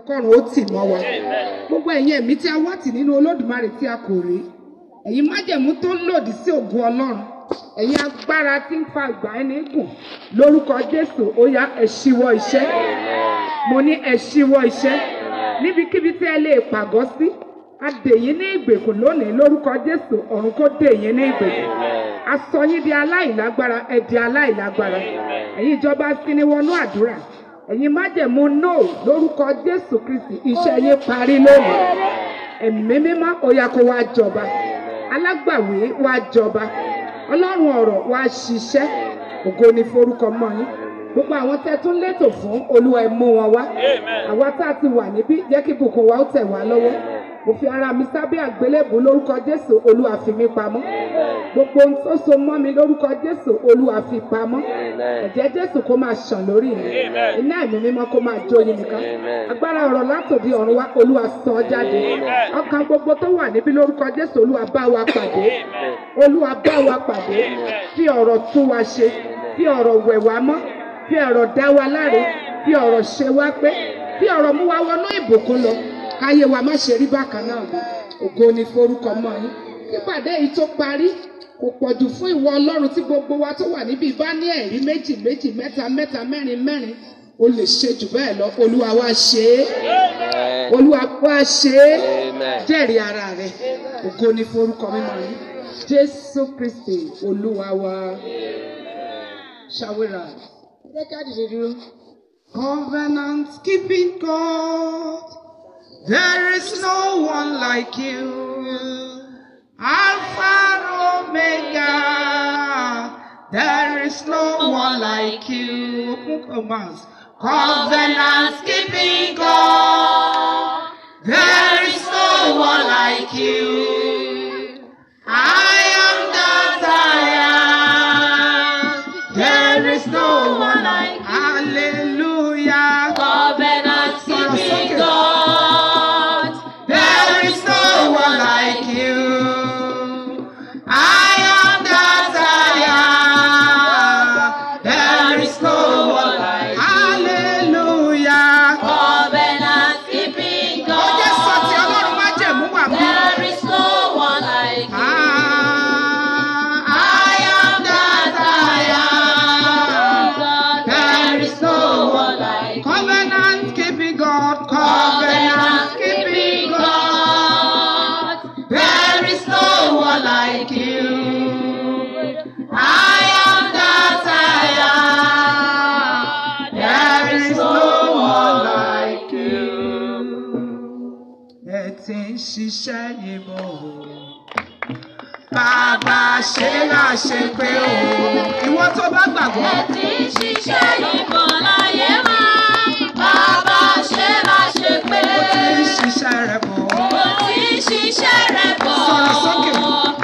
ẹkọrùn ó tì mọ́ wa gbogbo ẹ̀yin ẹ̀mí tí a wá tì nínú olódùmarè tí a kò rí ẹ̀yin májẹ̀mú tó lòdì sí ògùn Ọlọ́run ẹ̀yin agbára tí ń fa ìgbà ẹni gùn lórúkọ Jésù ó yá ẹ ṣíwọ́ mo ní ẹ ṣíwọ́ níbikíbi tí ẹ lè pàgọ́ sí a dè yín ní ìgbèkùn lónìí lórúkọ Jésù ọ̀run kó dè yín ní ìgbèkùn a sọ yín di aláìlágbára ẹ di aláìlágbára ẹ̀yin ìjọba siniwọnú àdúrà ẹ̀yin májẹ̀mú no lórúkọ Jésù Kristi iṣẹ́ yín parí lónìí ẹ̀mí mímọ́ ó yá kó wá jọba alágbàwí wá jọba ọlọ́run ọ̀rọ̀ wá ṣiṣẹ́ ògo ni forúkọ mọ́ yín gbogbo àwọn tẹ́ tún létò fún olúwa ẹ mú wọn wá àwa tá a ti wà níbí jẹ́ kí bùkún wa ó tẹ̀ wá lọ́wọ́ mo fi ara mi sábẹ́ àgbélébùú lórúkọ Jésù Olúwa fi mí pamọ́ gbogbo ohun tó so mọ́ mi lórúkọ Jésù Olúwa fi pamọ́ ẹ̀jẹ̀ Jésù kó máa ṣàn lórí mi iná ẹ̀mí mímọ́ kó máa jó yín nìkan agbára ọ̀rọ̀ látòdì ọ̀run wá Olúwa sọ jáde ọkàn gbogbo tó wà níbí lórúkọ Jésù Olúwa wa pàdé Olúwa bá wa pàdé fi ọ̀rọ̀ tún wa ṣe fi ọ̀rọ̀ wẹ̀ wá mọ́ fi ọ̀rọ̀ dá wa láre fi ọ̀rọ̀ ṣe wá pé fi ọ̀rọ̀ mú wa wọnú ìbùkún lọ káyé wa má ṣe rí bákan náà mọ́ ògo ni forúkọ mọ́ yín pípàdé yìí tó parí kò pọ̀jù fún ìwọ ọlọ́run tí gbogbo wa tó wà níbí bá ní ẹ̀rí méjì méjì mẹ́ta mẹ́ta mẹ́rin mẹ́rin o lè ṣe jù bẹ́ẹ̀ lọ olúwa wá ṣe é olúwa wá ṣe é jẹ́rìí ara rẹ̀ ògo ni forúkọ mímọ́ yìí jésù kristi olúwa wa ṣàwérà. Covenant keeping God. There is no one like you, Alpha Omega. There is no one like you, commands, covenant keeping God. There is no one like you. I ṣe láṣẹ pé o. ìwọ tó bá gbàgbọ́. ẹ ti ń ṣiṣẹ́ ìbọn láyé máa bàbá ṣe láṣẹ pé. ó ti ń ṣiṣẹ́ rẹ̀ bọ̀. ó ti ń ṣiṣẹ́ rẹ̀ bọ̀. sọ̀rọ̀ sókè.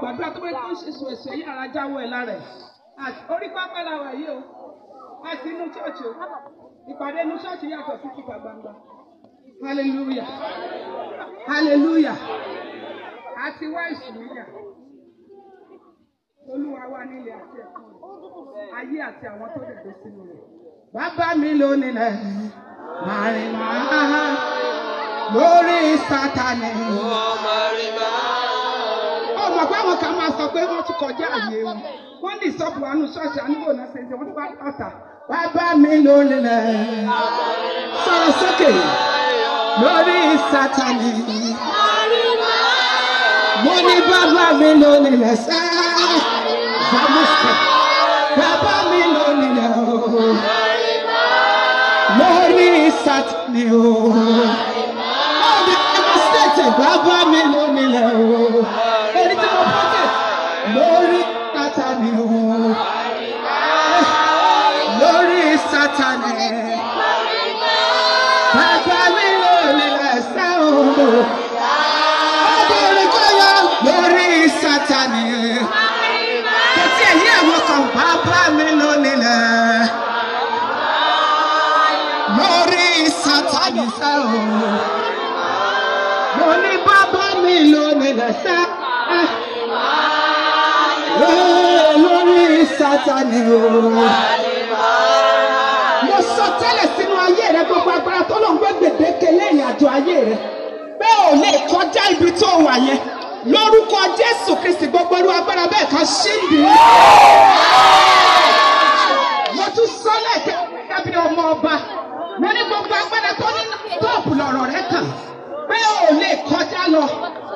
gbàdúrà tó bá tó ṣe sùn ẹ̀sùn yìí ara jáwọ́ ẹ̀ lára ẹ̀ orí pápá la wà yìí o a sì inú ṣọ́ọ̀ṣì o ìpàdé inú ṣọ́ọ̀ṣì yàtọ̀ sí kíkà gbangba hallelujah hallelujah a ti wá ìṣìníyà olúwa wà nílé àti ẹ̀kọ́ ayé àti àwọn tó dẹ̀ tó sínú rẹ̀. bàbá mi lónìí lẹ̀ màrìmá lórí sátani mọ̀ pé àwọn kan máa sọ pé wọ́n ti kọjá àyè wọn wọ́n ní ìsọ́pù àánú ṣọ́ọ̀ṣì àníbò náà ṣe ṣe wọ́n ti wá pàtà. mi lórí rẹ̀ sọ̀rọ̀ sókè lórí sátani mo ní bàbá mi lórí rẹ̀ sá bàbá mi lórí rẹ̀ o lórí sátani o bàbá mi lórí rẹ̀ o orin tí mo bọ́ tẹ̀ lórí Sátánì o lórí Sátánì bàbá mi lórí ẹ̀sẹ̀ òmò obìnrin tó yọ lórí Sátánì kò tí èyí Sátánì o. Mo sọ tẹ́lẹ̀ sínú ayé rẹ gbogbo agbára tó lọ ń gbé gbèdéke lẹ́yìn àjọ ayé rẹ. Pé ò lè kọjá ibi tó wà yẹn. Lórúkọ Jésù Kristì gbogbo irú agbára bẹ́ẹ̀ kan ṣí ń bì í. Mo tún sọ lẹ́ẹ̀kẹ́ gẹ́gẹ́ ọmọ ọba. Mo ní gbogbo agbára tó ní tóòpù lọ̀rọ̀ rẹ kàn. Pé ò lè kọjá lọ.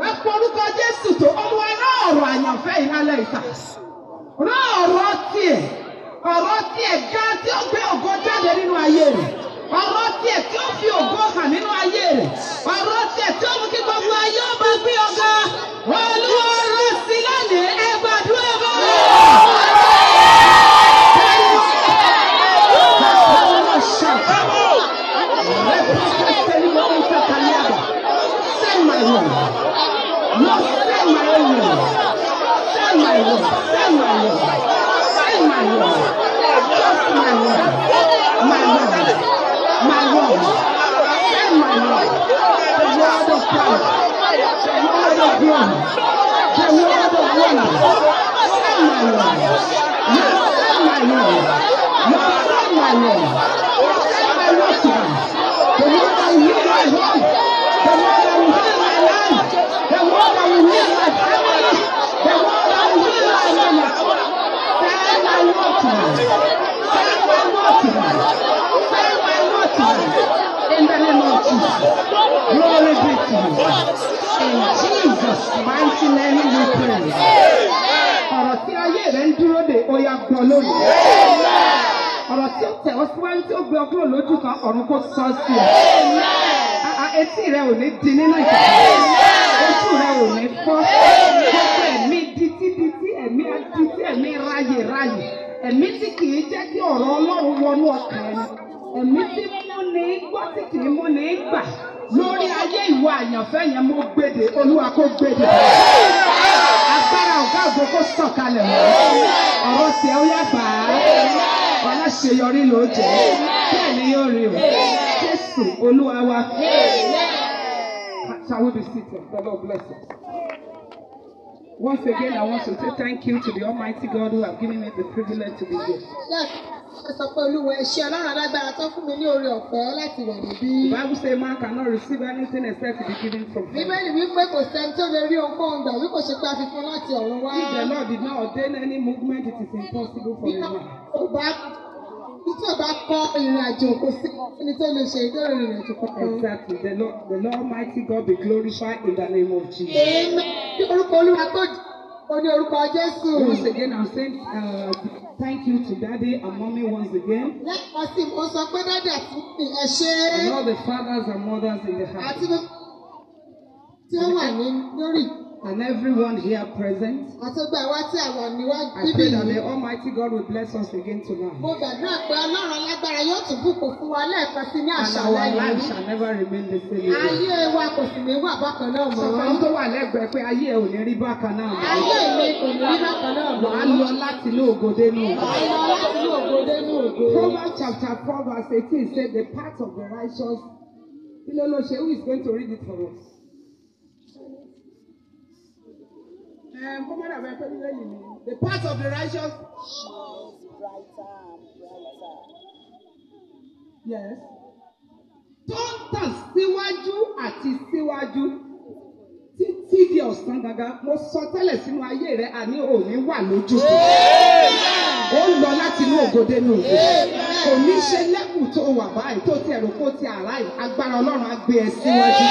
wọ́n pe orúkọ Jésù tó Olúwa rán ọ̀rọ̀ àyànfẹ́ yìí lálẹ́ ìta rán ọ̀rọ̀ tiẹ̀ ọ̀rọ̀ tiẹ̀ gan tí ó gbé ògo jáde nínú ayé rẹ̀ ọ̀rọ̀ tiẹ̀ tí ó fi ògo hàn nínú ayé rẹ̀ ọ̀rọ̀ tiẹ̀ tí ó mú kí gbogbo ayé ó gbé ọ̀gá Olúwa rán sí lónìí ẹgbẹ́. you Can we have that one? my one. Not my my one. lónìí. ọ̀rọ̀ tí ó tẹ̀ ọ́ síwájú tí ó gbé ọ lójú kan ọ̀run kò sọ sí ọ. etí rẹ ò ní di nínú ìtàkùn ojú rẹ ò ní fọ́ gbogbo ẹ̀mí dití dití ẹ̀mí adití ẹ̀mí ráyè ráyè ẹ̀mí tí kì í jẹ́ kí ọ̀rọ̀ ọlọ́run wọnú ọkàn ẹni ẹ̀mí tí mú ní gbọ́ tí kì í mú ní gbà lórí ayé ìwà àyànfẹ́ yẹn mo gbèdè olúwa kó gbèdè agbára ọ̀gá ògbó kó sọ̀kalẹ̀ mọ́ ọ̀rọ̀ tiẹ̀ ó yá bá wà láṣeyọrí ló jẹ́ bẹ́ẹ̀ ni yóò rí o Jésù Olúwa wa. Shall we be seated? The Lord Once again, I want to say thank you to the Almighty God who have given me the privilege to be here ẹ sọ pé olúwa ẹ ṣé ọlọ́run alágbára tó fún mi ní oore ọ̀fẹ́ láti wà níbí. Bible say man cannot receive anything except to be given from God. Bíbélì wípé kò sẹ́ni tó lè rí ohunkóhun gbà bí kò ṣe pé a fi fún láti ọ̀run wá. If the Lord did not ordain any movement it is impossible for a man. Ọba tí ọba kọ ìrìn àjò kò sí ẹni tó lè ṣe ìdóòrò ìrìn àjò kankan. Exactly the Lord the Lord mighty God be glorified in the name of Jesus. Amen. Orúkọ olúwa tó jẹ́ oní orúkọ Jésù. Once again I'm saying. Uh, Thank you to daddy and mommy once again. Lẹ́ẹ̀kan sí mo sọ pé dádì fún mi ẹ ṣé. And all the fathers and mothers in the house. Àti tí ó wà ní lórí and everyone here present. Àti gbogbo àwa tí àwọn níwájú níbí yìí. I pray that the almighty God will bless us again tonight. Mo gbàdúrà pé Ọlọ́run alágbára yóò tún bùkún fún wa lẹ́ẹ̀kan sí ní àṣálẹ́ yìí. And our life shall never remain the same. Ayé wa kò sì ní wà bákan náà mọ́. Sọ tó wà lẹ́gbẹ̀ẹ́ pé ayé ò ní rí bákan náà mọ́. Ayé mi kò ní rí bákan náà mọ́. Wàá lọ láti inú ògòdé nù. Wàá lọ láti inú ògòdé nù. Proverbs chapter four verse eighteen say the path of the righteous. Kí ló ló ṣe? Who is going to read it for us? Um, the path of the righteous. Yes. Tó ń tàn síwájú àti síwájú títí di ọ̀sán gangan mo sọ tẹ́lẹ̀ sínú ayé rẹ àní òní wà lójútùú ó ń lọ láti inú ògòdè inú ògòdè kò ní ṣe lẹ́kùn tó wà báyìí tó tiẹ̀ rò kó ti àráyè agbára ọlọ́run á gbé ẹ síwájú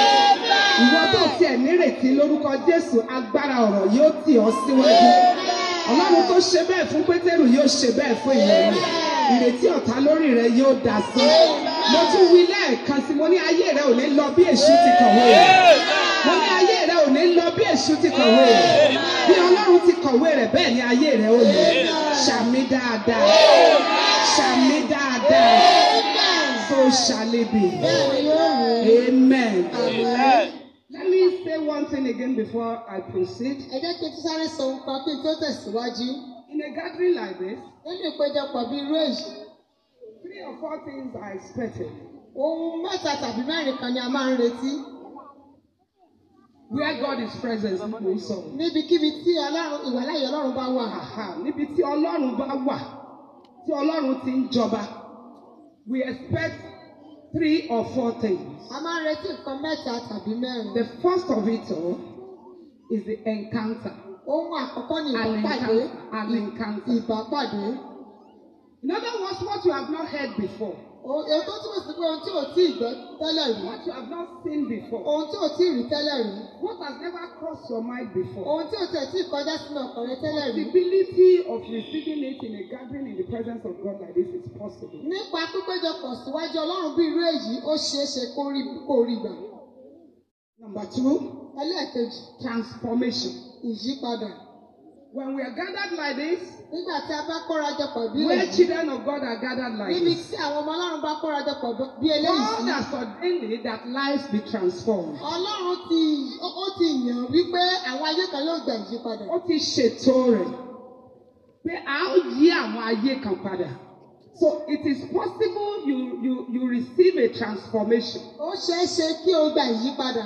ìwọ tó tiẹ̀ nírètí lórúkọ jésù agbára ọ̀rọ̀ yóò tì ọ́ síwájú ọlọ́run tó ṣe bẹ́ẹ̀ fún pétérù yóò ṣe bẹ́ẹ̀ fún ìyẹn ìrètí ọ̀tá lórí rẹ yóò dà sí mo tún wí lẹ́ẹ̀kan sí mo ní ayé rẹ ò ní lọ bí èṣù ti kàn wọ́n yìí mo ní ayé rẹ ò ní lọ bí èṣù ti kọ̀wé rẹ̀ bí ọlọ́run ti kọ̀wé rẹ̀ bẹ́ẹ̀ ni ayé rẹ ò lọ ṣàmì dáadáa ṣàmì dáadáa so shall it be amen. Let me say one thing again before I proceed. Ẹ jẹ́ kí n tún sáré sọ nípa kí n tó tẹ̀síwájú. In a gathering like this. Nínú ìpéjọpọ̀ bíi irú èyí. Three or four things are expected. Ohun mẹ́ta tàbí mẹ́rin kan ni a máa ń retí. Where God is present ni mo sọ. Níbikíbi tí Ọlọ́run ìwàláyé Ọlọ́run bá wà. Níbi tí Ọlọ́run bá wà tí Ọlọ́run ti ń jọba. We expect three or four things. A máa ń retí nǹkan mẹ́ta tàbí mẹ́rin. The first of it all is the encounter. Ohun àkọ́kọ́ ni ìbápàdé. An encounter. Ìbápàdé. In other words, what you have not heard before. Èyí tó túmọ̀ sí pé ohun tí ò tí ì tẹ́lẹ̀ rí. What you have not seen before. Ohun tí ò tí rí tẹ́lẹ̀ rí. What has never crossed your mind before. Ohun tí ò tẹ̀ tí kọjá sínú ọkàn rẹ tẹ́lẹ̀ rí. Possibility of receiving it in a gathering in the presence of God like this is possible. Nípa pípéjọpọ̀ síwájú Ọlọ́run bí irú èyí, ó ṣeé kó rí kó rí gbà. Number two. Ẹlẹ́ẹ̀kejì. Transformation. Ìyípadà. When we are gathered like this. Nígbà tí a bá kóra jọ pọ̀ bí eléyìí. Where children of God are gathered like this. Níbi tí àwọn ọmọ Ọlọ́run bá kóra jọ pọ̀ bí eléyìí. God has ordained it that lives be transformed. Ọlọ́run ti ó ti yàn wípé àwọn ayé kan yóò gbà ìyípadà. Ó ti ṣètò rẹ̀ pé a ó yí àwọn ayé kan padà. So it is possible you you you receive a transformation. Ó ṣeé ṣe kí o gba ìyípadà.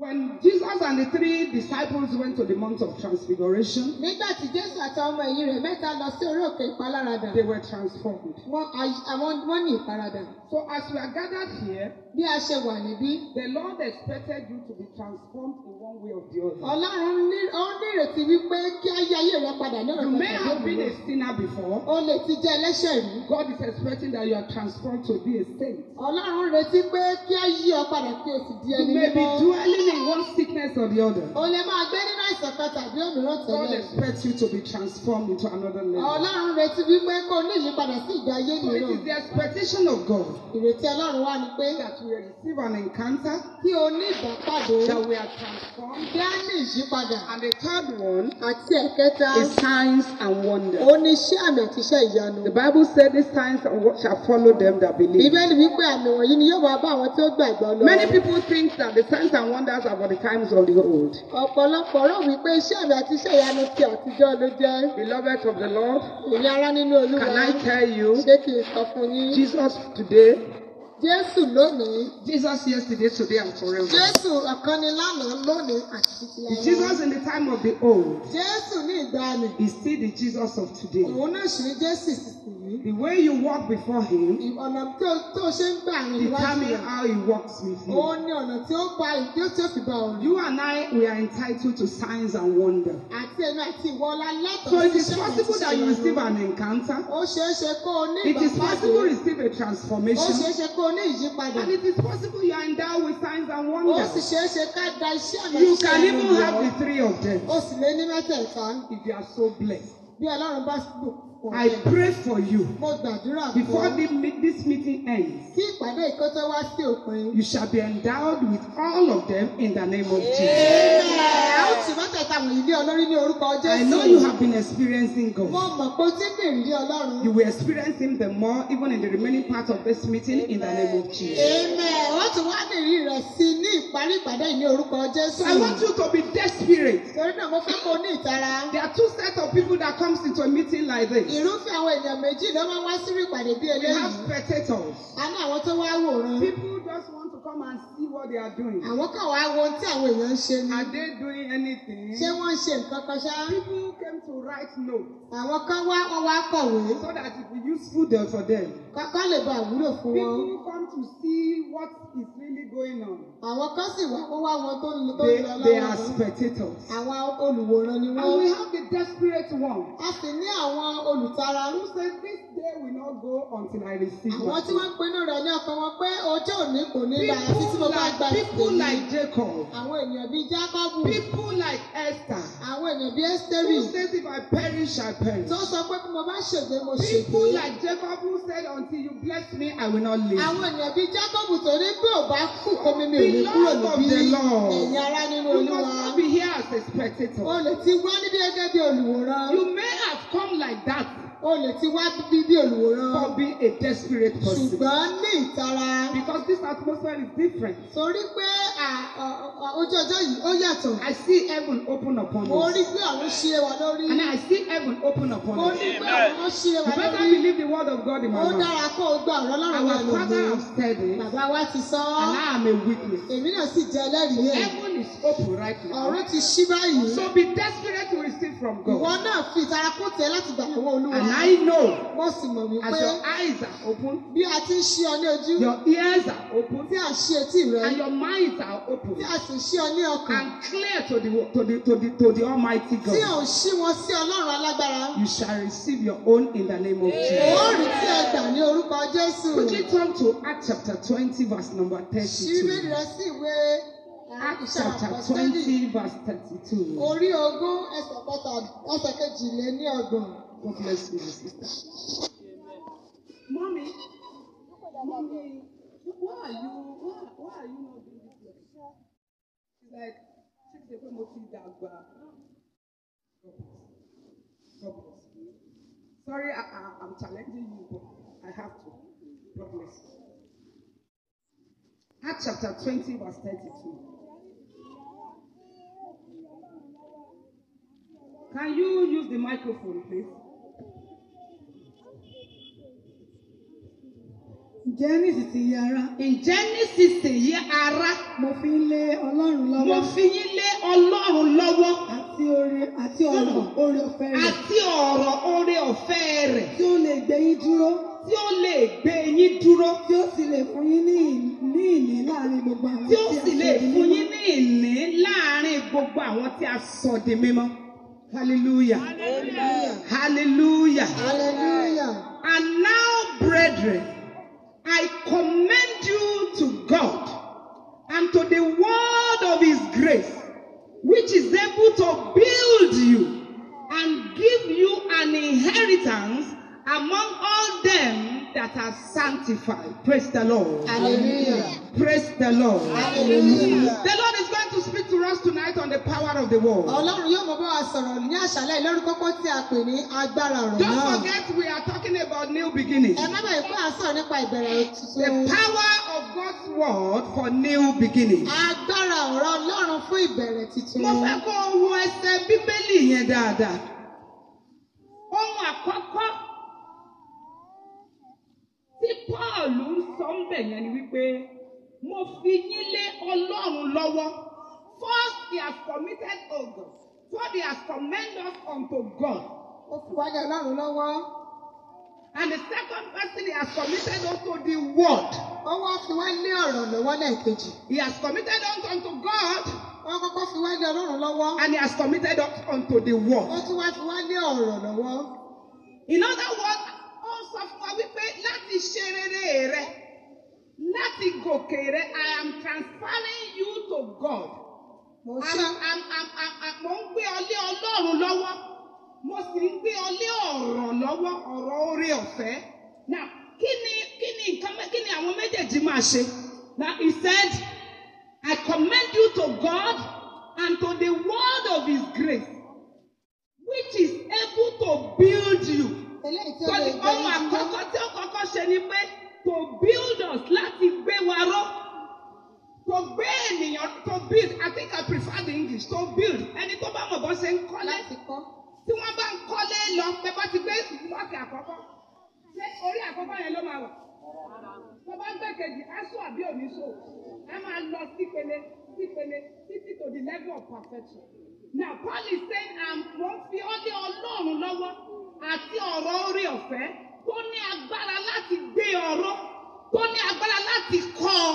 When Jesus and the three disciples went to the Mount of Transfiguration, nígbà tí Jésù àtàwọn ọmọ ẹ̀yìn rẹ̀ mẹ́ta lọ sí orí òkè ìpaláradà. They were transformed. Wọ́n àwọn wọ́n ní ìparadà. So as we are gathered here. Bí a ṣe wà níbí. The Lord expected you to be transformed in one way or the other. Ọlọ́run ní ó nírètí wípé kí ayé ayé rẹ padà ní You may have been a sinner before. O lè ti jẹ́ ẹlẹ́ṣẹ̀ rí. God is expecting that you are transformed to be a saint. Ọlọ́run retí pé kí a ọ padà kí o sì di ẹni mímọ́. You may be dwelling in one sickness or the other. O lè máa gbé nínú àìsàn kan tàbí òmíràn tẹ̀lé. God expects you to be transformed into another level. Ọlọ́run retí wípé kó o ní ìyípadà sí ìgbé ayé mìíràn. So it is the expectation of God. Ìrètí Ọlọ́run wà ní pé. That she receive an encounter. Tí o ní ìbápadò. That we are transformed. Tí a ní ìyípadà. And the third one. Àti ẹ̀kẹta. Is signs and wonders. Ó ní iṣẹ́ àmì àti iṣẹ́ ìyanu. The bible said these signs shall follow them that believe. Bíbélì wípé àmì wọ̀nyí ni yóò máa bá àwọn tí ó gbà ìgbà lọ. Many people think that the signs and wonders are for the times of the old. Ọ̀pọ̀lọpọ̀ rò wípé iṣẹ́ àmì àti iṣẹ́ ìyanu ti àtijọ́ ló jẹ́. Beloved of the Lord. Ìyára nínú Olúwa. Can I tell you? Ṣé kì í sọ fún yín? Jesus today. Jésù lónìí. Jesus yesterday, today and forever. Jésù ọ̀kan ni lánàá lónìí àti títí ayé. Jesus in the time of the old. Jésù ní ìgbàanì. Is still the Jesus of today. Òun náà ṣe Jésù sísìn. The way you walk before him. Ọ̀nà tó tó ṣe ń gbà ní iwájú. Determine how he walks with you. Òun ni ọ̀nà tí ó bá ìdí tí ó fi bá ọ̀run. You and I we are entitled to signs and wonder. Àti ẹnu àti ìwọlá lẹ́tọ̀ọ́. So it is possible that you receive an encounter. Ó ṣeé ṣe kó o ní ìgbà pàdé. It is possible to receive a transformation. Ó ṣeé ṣe kó o ní ìyípadà. and it is possible you are endowed with signs and wonders. ó sì ṣeé ṣe ká da iṣẹ́ àmì iṣẹ́ ìwọ̀n. you can even have the three of them. ó sì lé ní mẹ́tẹ̀ẹ̀ta. if you are so blessed. bí ọlọ́run bá bùkún. I pray for you. Before this meeting ends, you shall be endowed with all of them in the name of Jesus. I know you have been experiencing God. You will experience Him the more, even in the remaining part of this meeting, in the name of Jesus. So I want you to be desperate. There are two sets of people that comes into a meeting like this. Irúfẹ́ àwọn ènìyàn méjì ló máa wá sí ìpàdé bí eléyìí. We have spectators. A ní àwọn tó wá wòran. People just want to come and see what they are doing. Àwọn kan wá wo tí àwọn èèyàn ṣe ni. Are they doing anything? Ṣé wọ́n ń ṣe nǹkan kan ṣá? People came to write notes. Àwọn kan wá wọ́n wá kọ̀wé. So that it will be useful for them. Kọ́kọ́ lè ba àwúlò fún wọn. People come to see what is really going on. Àwọn kan sì wá wọ́n wá wọn tó ń lọ lọ́wọ́. They are spectators. Àwọn olùwòran ni wọ́n. And we have the desperate one. A sì ní àwọn olùtara. Who said this day will not go until I receive Àwọn tí wọ́n pinnu rẹ̀ ní ọkàn wọn pé ọjọ́ òní kò ní lọ. People like Jacob. Àwọn ènìyàn bíi People like Esther. Àwọn ènìyàn bíi Esteri. Who says if I perish I perish. Tó sọ pé bí mo bá ṣègbé mo ṣègbé. People like Jacob who said until you bless me I will not leave. Àwọn ènìyàn bíi Jacob tó pé ò bá kú omi mi ò kúrò níbí. Ẹ̀yin ara nínú Olúwa. You must not be here as a spectator. O lè ti wá níbi gẹ́gẹ́ bí olùwòran. You may have come like that o lè ti wá bí bí olùwòran. for being a desperate person. ṣùgbọ́n ní ìtara. because this atmosphere is different. Torí pé ojú ọjọ́ yìí ó yàtọ̀. I see heaven open upon us. Mo rí pé àwọn ṣe wà lórí. And I see heaven open upon us. Mo rí pé àwọn ṣe wà lórí. You better believe the word of God in my mouth. Ó dára kó o gbọ́ ọ̀rọ̀ Ọlọ́run wa lòdì. Our father has said it. Bàbá wa ti sọ. And I am a witness. Èmi náà sì jẹ́ ẹlẹ́rìí yẹn. Heaven is open right now. Ọ̀run ti ṣí báyìí. So be desperate to receive from God. Ìwọ náà fi ìtara kó tẹ láti gbà lọ́wọ́ Olúwa. And I know. Mo sì mọ̀ wípé. As your eyes are open. Bí a ti ń ṣí ọ ní ojú. Your ears are open. Tí à àṣì etí rẹ. and your minds are open. tí a sì ṣí ọ ní ọkàn. and clear to the to the to the to the almighty God. tí ò ṣí wọn sí ọlọ́run alágbára. you shall receive your own in the name of Jesus. ó rí tí ẹ gbà ní orúkọ Jésù. quickly turn to Acts chapter twenty verse number thirty-two. ṣí bíbélì rẹ sí ìwé. Acts chapter twenty verse thirty-two. Orí ogún ẹsẹ̀ kẹta ẹsẹ̀ kejì lé ní ọgbọ̀n. God bless you, my sister. Mommy, mommy why are you why, why are you not doing this work she's like ṣé kìí ṣe pé mo ti dàgbà sorry I, I, i'm challenging you but i have to God bless you Acts chapter twenty verse thirty-two. Can you use the microphone, please? Ǹjẹ́ nísinsìnyí ará? Ǹjẹ́ nísinsìnyí ará? Mo fi ń lé Ọlọ́run lọ́wọ́. Mo fi yín lé Ọlọ́run lọ́wọ́. Àti oore àti ọ̀rọ̀ oore ọ̀fẹ́ rẹ̀. Àti ọ̀rọ̀ oore ọ̀fẹ́ rẹ̀. Tí ó lè gbé yín dúró. Tí ó lè gbé yín dúró. Tí ó sì lè fún yín ní ìní láàrin gbogbo àwọn tí a sọ di mímọ́. Tí ó sì lè fún yín ní ìní láàrin gbogbo àwọn tí a sọ di mímọ́. Hallelujah. Hallelujah. Hallelujah. Hallelujah. And now, brethren. I commend you to God and to the word of His grace, which is able to build you and give you an inheritance among all them that are sanctified. Praise the Lord. Hallelujah. Praise the Lord. Hallelujah. The Lord is going to speak to us tonight on the power of the word. Ọlọ́run yóò mọ̀ bá wa sọ̀rọ̀ ní àṣálẹ̀ lórí kókó tí a pè ní agbára ọ̀rọ̀ náà. Don't forget we are talking about new beginning. Ẹ má bàa pé à sọ̀rọ̀ nípa ìbẹ̀rẹ̀ tuntun. The power of God's word for new beginning. Agbára ọ̀rọ̀ Ọlọ́run fún ìbẹ̀rẹ̀ tuntun. Mo fẹ́ kó wo ẹsẹ̀ Bíbélì yẹn dáadáa. Ohun àkọ́kọ́ tí Pọ́ọ̀lù ń sọ ń bẹ̀ yẹn ni wípé mo fi yín lé Ọlọ́run lọ́wọ́ first he has committed us so he has commended unto God. ó fi wá Ọlọ́run lọ́wọ́. And the second person he has committed unto the word. Ó fi wá lé ọ̀rọ̀ lọ́wọ́ lẹ́ẹ̀kejì. He has committed unto God. Wọ́n kọ́kọ́ fi wá lé Ọlọ́run lọ́wọ́. And he has committed unto the word. Ó tún wá fi wá lé ọ̀rọ̀ lọ́wọ́. In other words, sọ fún wa wípé láti ṣe rere rẹ láti gòkè rẹ I am transferring you to God. Mo ṣe mo ń gbé ọlé Ọlọ́run lọ́wọ́ mo sì ń gbé ọlé ọ̀rọ̀ lọ́wọ́ ọ̀rọ̀ orí ọ̀fẹ́. Now kí ni kí ni nǹkan kí ni àwọn méjèèjì máa ṣe? Now he said I commend you to God and to the word of his grace which is able to build you. Sọ̀rọ̀ ohun àkọ́kọ́ tí ó kọ́kọ́ ṣe ni pé to build us láti gbé wa ró. To gbé ènìyàn to build I think I prefer the English to build ẹni tó bá mọ̀ bọ́ ṣe ń kọ́lé. Tí wọ́n bá ń kọ́lé lọ pé bá ti gbé blọ́ọ̀kì àkọ́kọ́. Ṣé orí àkọ́kọ́ yẹn ló máa wà? Tó bá gbé kejì, aṣọ àbí òní so, ẹ máa lọ sípele sípele títí to the level of perfection. Now Paul is saying, I'm wọ́n fi ọ́ lé Ọlọ́run lọ́wọ́ àti ọ̀rọ̀ orí ọ̀fẹ́ tó ní agbára láti gbé ọ̀rọ̀ tó ní agbára láti kọ́ ọ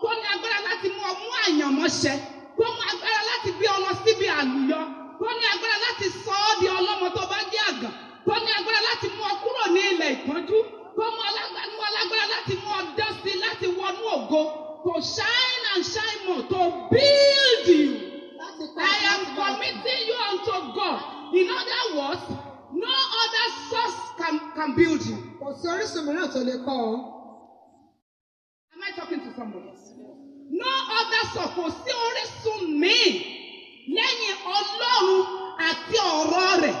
tó ní agbára láti mú ọ mú àyànmọ́ṣẹ tó ní agbára láti gbé ọ lọ síbi àlùyọ tó ní agbára láti sọ ọ́ di ọlọ́mọ tó bá jẹ́ àgàn tó ní agbára láti mú ọ kúrò ní ilẹ̀ ìpọ́njú tó mú ọ lágbára láti mú ọ dẹ́sí láti wọnú ògo to shine and shine more to build you. I am committing you unto God. In other words, No other source can, can build you. Kò sí orísun mìíràn tó lè kọ́ ọ. Am I talking to somebody? No other source kò sí orísun míì lẹ́yìn Ọlọ́run àti ọ̀rọ̀ rẹ̀.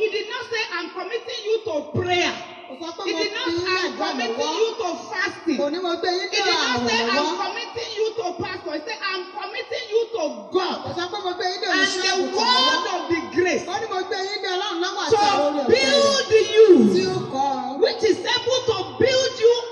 He did not say I'm committing you to prayer. It did not say I'm committing you to fasting. It did not say I'm committing you to pastor. It said I'm committing you to God. And the word of the grace to build you, which is able to build you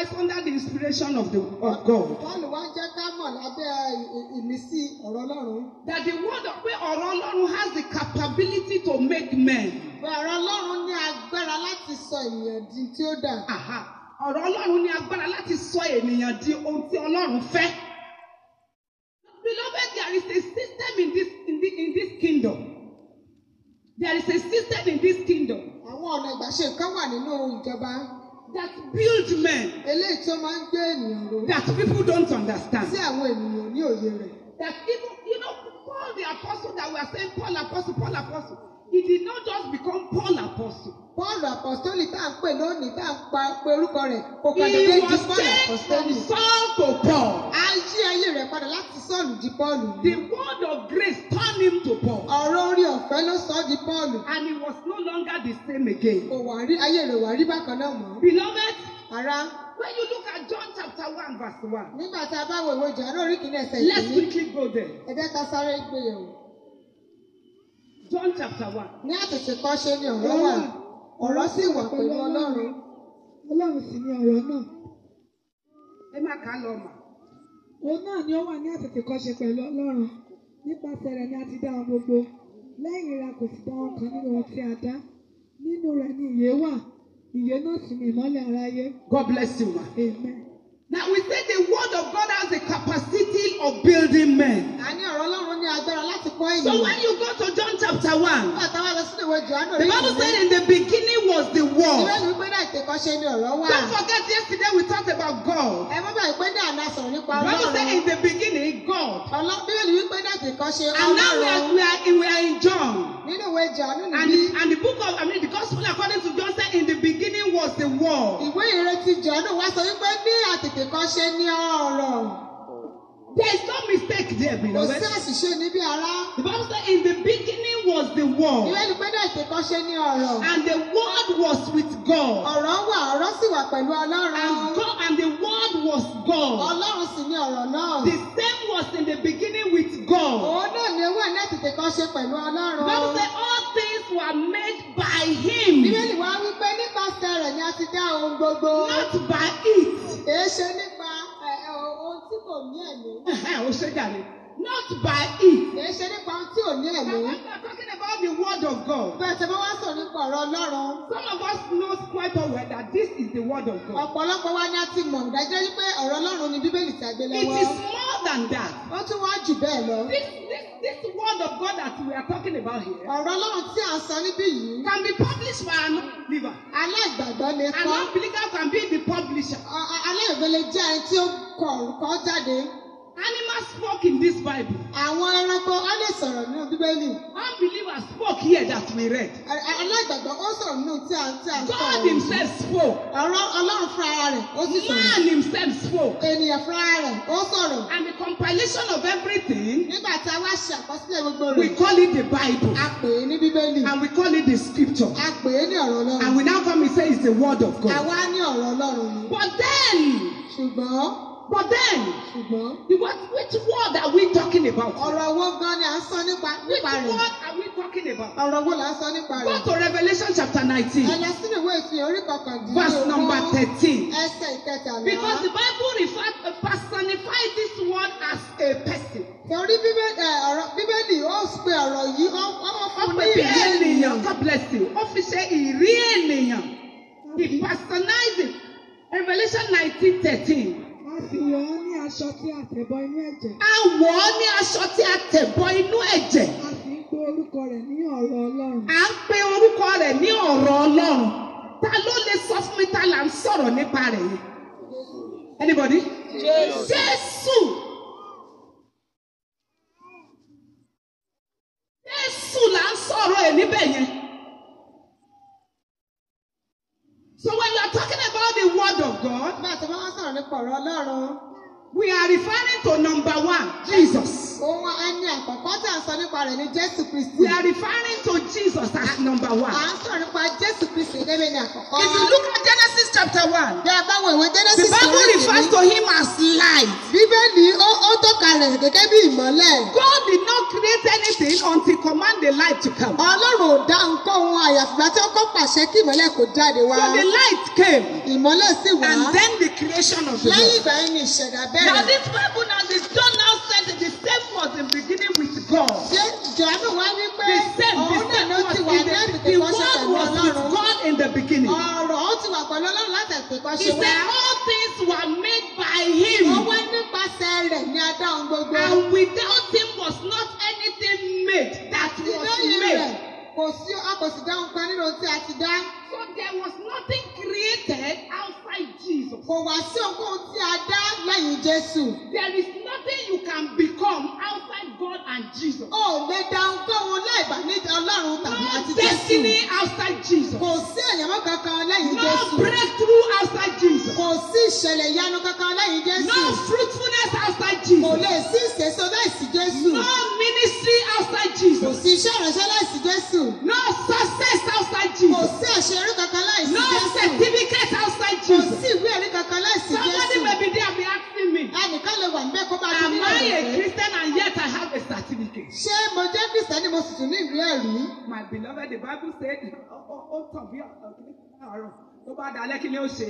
realized under the inspiration of the of God. Paul wá jẹ́ ká mọ̀ lábẹ́ ìmísí ọ̀rọ̀ Ọlọ́run. That the word of pé ọ̀rọ̀ Ọlọ́run has the capability to make men. Ọ̀rọ̀ Ọlọ́run ní agbára láti sọ ènìyàn di tí ó dà. Ọ̀rọ̀ Ọlọ́run ní agbára láti sọ ènìyàn di ohun tí Ọlọ́run fẹ́. Beloved, there is a system in this in this in this kingdom. There is a system in this kingdom. Àwọn ọ̀nà ìgbàṣe kan wà nínú ìjọba that build men. eléyìí tó máa ń gbé ènìyàn lórí. that people don't understand. sí àwọn ènìyàn ní òye rẹ̀. that even you know Paul the apostle that we are saying Paul apostle Paul apostle. He did not just become Paul apostle. Paul apostoli tá à ń pè lónìí tá à ń pa pé orúkọ rẹ̀ kò padà dé di Paul apostoli. He was changed from Saul to Paul. A yí ayé rẹ̀ padà láti Sọ́ọ̀lù di Paul. The word of grace turned him to Paul. Ọ̀rọ̀ orí ọ̀fẹ́ ló sọ di Paul. And he was no longer the same again. Kò wá rí ayé rẹ̀ wá rí bákan náà mọ́. Beloved. Ará. When you look at John chapter one verse one. Nígbà tá a bá wo ìwé John orí kìíní ẹsẹ̀ yìí. Let's quickly go there. Ẹ sáré gbé yẹ̀wò. John chapter one. Ní àtẹ̀sẹ̀ kan ṣe ni ọ̀rọ̀ wà. Ọ̀rọ̀ sì wà pẹ̀lú Ọlọ́run. Ọlọ́run sì ni ọ̀rọ̀ náà. Ẹ má kà á lọ mà. Òun náà ni ó wà ní àtẹ̀sẹ̀ kan ṣe pẹ̀lú Ọlọ́run. Nípasẹ̀ rẹ̀ ni a ti dá ohun gbogbo. Lẹ́yìn ra kò sì dá kan nínú ohun tí a dá. Nínú rẹ̀ ni ìyè wà. Ìyè náà sì ni ìmọ́lẹ̀ aráyé. God bless you ma. Amen. Now we say the word of God has the capacity of building men. So when you go to John chapter one. Nígbà táwọn lọ The Bible said in the beginning was the word. Don't forget yesterday we talked about God. Ẹ má bàa The Bible said in the beginning God. And now we are, we are, in, we are in John. And the, and the book of I mean the gospel according to John said in the beginning was the word. Àṣekọ́ṣe ní ọ̀rọ̀. There is no mistake there, beloved. Kò sí àṣìṣe níbí ara. The Bible says in the beginning was the word. Ìwé ni pẹ́ẹ́dà ìṣèkọ́ṣe ní ọ̀rọ̀. And the word was with God. Ọ̀rọ̀ wà ọ̀rọ̀ sì wà pẹ̀lú Ọlọ́run. And God and the word was God. Ọlọ́run sì ni ọ̀rọ̀ náà. The same was in the beginning with God. Òun náà ni owó ẹ̀ náà ti ṣèkọ́ṣe pẹ̀lú Ọlọ́run. Bible says all things are made by him. Bíbélì wá wípé nípasẹ̀ rẹ̀ ni a ti dá ohun gbogbo. Not by it. Èé ṣe nípa ohun tí kò ní ẹ̀mí. Ó ṣe jàre. Not by it. Kì í ṣe nípa ohun tí ò ní ẹ̀mí. But when we are talking about the word of God. Bẹ́ẹ̀ tí wọ́n sọ nípa ọ̀rọ̀ Ọlọ́run. Some of us know quite well that this is the word of God. Ọ̀pọ̀lọpọ̀ wa ni a ti mọ̀ dájú pé ọ̀rọ̀ Ọlọ́run ni Bíbélì ti àgbélé wọn. It is more than that. Ó tún wá jù bẹ́ẹ̀ lọ. This word of God that we are talking about here. Ọ̀rọ̀ Ọlọ́run tí à ń sọ níbí yìí. Can be published by an believer. Aláìgbàgbọ́ lè kọ́. An unbeliever can be the publisher. Aláìgbàgbọ́ lè jẹ́ ẹni tí ó kọ ọ̀rùn kan jáde. Animals spoke in this Bible. Àwọn ẹranko á lè sọ̀rọ̀ nínú Bíbélì. Unbelievers spoke here that we read. Alágbàgbọ́ ó sọ̀rọ̀ nínú tí a tí a sọ̀rọ̀. God himself spoke. Ọ̀rọ̀ Ọlọ́run fún ara rẹ̀ ó sì sọ̀rọ̀. Man himself spoke. Ènìyàn fún ara rẹ̀ ó sọ̀rọ̀. And the compilation of everything. Nígbà tí a wá ṣe àkọsílẹ̀ gbogbo rẹ̀. We call it the Bible. A pè é ní Bíbélì. And we call it the scripture. A pè é ní ọ̀rọ̀ Ọlọ́run. And we now come and say it's the word of God. Àwa ní ọ̀rọ̀ Ọlọ́run ni. But then ṣùgbọ́n. But then, ṣùgbọ́n. The word, which word are we talking about? Ọ̀rọ̀ wo gan ni à ń sọ nípa rẹ̀? Which word are we talking about? Ọ̀rọ̀ wo là ń sọ nípa rẹ̀? Go to Revelation chapter nineteen. Ẹ̀yà sínú ìwé ìfihàn orí kọkàndínlógún. Verse number thirteen. Ẹsẹ̀ ìkẹtàlá. Because the Bible refers uh, personify this word as a person. Torí Bíbélì ó pe ọ̀rọ̀ yìí, ọmọ fún mi ìrí ènìyàn. God bless you. Ó fi ṣe ìrí ènìyàn. He personizes. Revelation nineteen thirteen. A sì wọ̀ ọ́ ní aṣọ tí a tẹ̀bọ inú ẹ̀jẹ̀. A wọ̀ ọ́ ní aṣọ tí a tẹ̀bọ inú ẹ̀jẹ̀. A sì ń pe orúkọ rẹ̀ ní ọ̀rọ̀ Ọlọ́run. À ń pe orúkọ rẹ̀ ní ọ̀rọ̀ Ọlọ́run. Ta ló lè sọ fún mi ta là ń sọ̀rọ̀ nípa rẹ̀ yìí? Anybody? Jésù. Jésù là ń sọ̀rọ̀ ẹ̀ níbẹ̀ yẹn. So when you are word of God. Nígbà tí wọ́n sọ̀rọ̀ nípa ọ̀rọ̀ Ọlọ́run. We are referring to number one, Jesus. Ohun ẹni àkọ́kọ́ tí a sọ nípa rẹ̀ ni Jésù Kristi. We are referring to Jesus as number one. À ń sọ nípa Jésù Kristi gẹ́gẹ́ ní àkọ́kọ́. If you look at Genesis chapter one. Bí a bá wọ ìwé Genesis chapter one. The Bible refers to him as light. Bíbélì ó ó tọ́ka rẹ̀ gẹ́gẹ́ bí ìmọ́lẹ̀. God did not create anything until command the light to come. Ọlọ́run ò dá nǹkan ohun àyàfìgbà tí ó kọ́ pàṣẹ kí ìmọ́lẹ̀ kó jáde wá. So the light came. Ìmọ́lẹ̀ sì wá. And then the creation of the world. Lẹ́yìn ìgbà yẹn ni ìṣẹ̀dá bẹ̀rẹ̀. Now this Bible now is John now said the same was in beginning with God. Ṣé Jọ̀ọ́nù wá wí pé òun náà ló ti wà ní àbìkẹ́ kọ́ṣẹ́ pẹ̀lú Ọlọ́run? The word was with God in the beginning. Ọ̀rọ̀ ó ti wà pẹ̀lú Ọlọ́run láti ẹ̀pẹ́ kọ́ṣẹ́ wá. He said all things were made by him. Ó wá nípasẹ̀ rẹ̀ ní adá ohun gbogbo. And without him was not anything made that was made. Kò sí a kò sì dá nǹkan nínú tí a ti dá. So there was nothing created outside Jesus. Kò wá sí ohunkóhun tí a dá lẹ́yìn Jésù. There is nothing you can become outside God and Jesus. Ó lè da ohunkóhun láìbá Ọlọ́run tàbí àti Jésù. No destiny outside Jesus. Kò sí àyàmọ́ kankan lẹ́yìn Jésù. No breakthrough outside Jesus. Kò sí ìṣẹ̀lẹ̀ ìyanu kankan lẹ́yìn Jésù. No fruitfulness outside Jesus. Kò lè sí ìṣèso láìsí Jésù. No ministry outside Jesus. Kò sí iṣẹ́ ìránṣẹ́ láìsí Jésù. No success outside Jesus. Kò sí àṣẹ ẹ̀rí kankan láìsí Jésù. No certificate outside Jesus. Kò sí ìwé ẹ̀rí kankan láìsí Jésù. Somebody may be there be asking me. Ẹnìkan lè wà níbẹ̀ kó máa bí nílẹ̀ Am I a Christian and yet I have a certificate? Ṣé mo jẹ́ Kristẹni mo sì tún ní ìlú ẹ̀rí? My beloved the Bible said, ó tàn bí ọ̀rọ̀ tó bá dalẹ́ kí ni ó ṣe?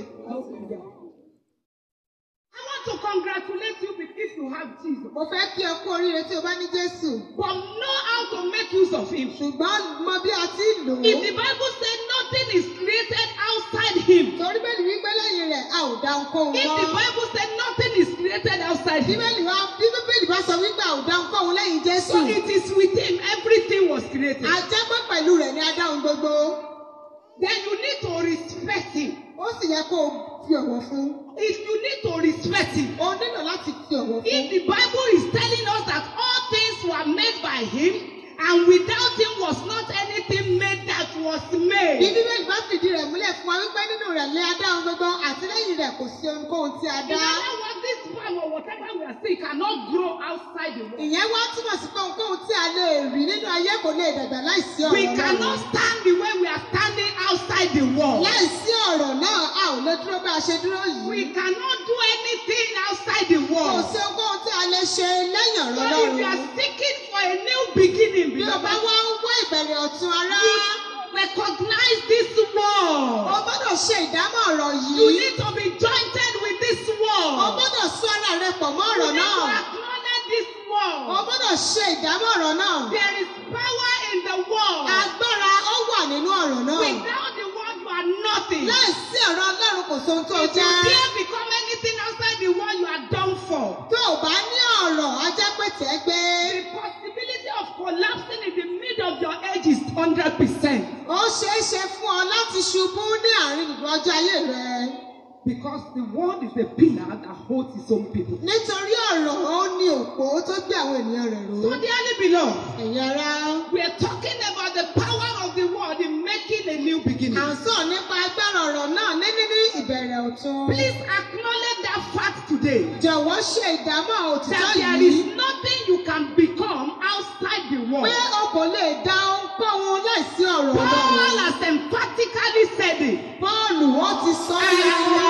I want to congratulate you because you have Jesus. Mo fẹ́ kí ẹ kú oríire tí o bá ní Jésù. But know how to make use of him. Ṣùgbọ́n mọ bí a ti lò If the Bible says nothing is created outside him. Torí bẹ́ẹ̀ ni lẹ́yìn rẹ̀ a ò dá ohunkóhun mọ́. If the Bible says nothing is created outside him. Bíbélì wa Bíbélì bá sọ wípé a ò dá ohunkóhun lẹ́yìn Jésù. So it is with him everything was created. Àjẹpẹ́ pẹ̀lú rẹ̀ ni a dá ohun gbogbo. Then you need to respect him. Ó sì yẹ kó o fi ọ̀wọ̀ fún. If you need to respect him. O nílò láti fi ọ̀wọ̀ fún. If the Bible is telling us that all things were made by him and without him was not anything made that was made. Bí Bíbélì bá fìdí rẹ̀ múlẹ̀ fún wa wípé nínú rẹ̀ lé Adáhùn gbogbo àtìlẹ́yìn rẹ̀ kò sí ohunkóhun tí a dá. In other words, this farm or whatever we are see cannot grow outside the wall. ìyẹn wá túmọ̀ sí pé ohunkóhun tí a lè rí nínú ayé kò lè dàgbà láìsí ọ̀rọ̀ náà. we cannot stand the way we are standing outside the wall. láìsí ọ̀rọ̀ náà a ò lè dúró bá a ṣe dúró yìí. we cannot do anything outside the wall. kò sí ohunkóhun tí a lè ṣe lẹ́yìn ọ̀rọ̀ náà. so if you are seeking for a new beginning. bí o bá wá ń wá ìbẹ̀rẹ̀ ọ̀tun ara. you recognize this word. O gbọ́dọ̀ ṣe ìdámọ̀ ọ̀rọ̀ yìí. You need to be jointed with this word. O gbọ́dọ̀ sọ ara rẹ pọ̀ mọ́ ọ̀rọ̀ náà. You need to acknowledge this word. O gbọ́dọ̀ ṣe ìdámọ̀ ọ̀rọ̀ náà. There is power in the word. Agbára ó wà nínú ọ̀rọ̀ náà. Without the word you are nothing. Láìsí ọ̀rọ̀ Ọlọ́run kò sóhun tó jẹ́. If you dare become anything outside the word you are done for. Tó o bá ní ọ̀ ọ̀rọ̀ á gbé. The possibility of collapsing in the middle of your age is hundred percent. Ó ṣeé ṣe fún ọ láti ṣubú ní àárín ìgbọ́jọ ayé rẹ. Because the word is the pillar that holds his own people. Nítorí ọ̀rọ̀ ó ní òpó tó gbé àwọn ènìyàn rẹ̀ ró. So dearly beloved. Ẹ̀yin ará. We are talking about the power of the word in making a new beginning. À ń sọ nípa agbára ọ̀rọ̀ náà ní níní ìbẹ̀rẹ̀ ọ̀tun. Please acknowledge that fact today. Jọ̀wọ́ ṣe ìdámọ̀ òtítọ́ yìí. That there is nothing you can become outside the word. Pé o kò lè dá ohunkóhun láìsí ọ̀rọ̀ ọ̀dọ́ rẹ̀. Paul has emphatically said it. Bọ́ọ̀lù wọ́n ti sọ ọ́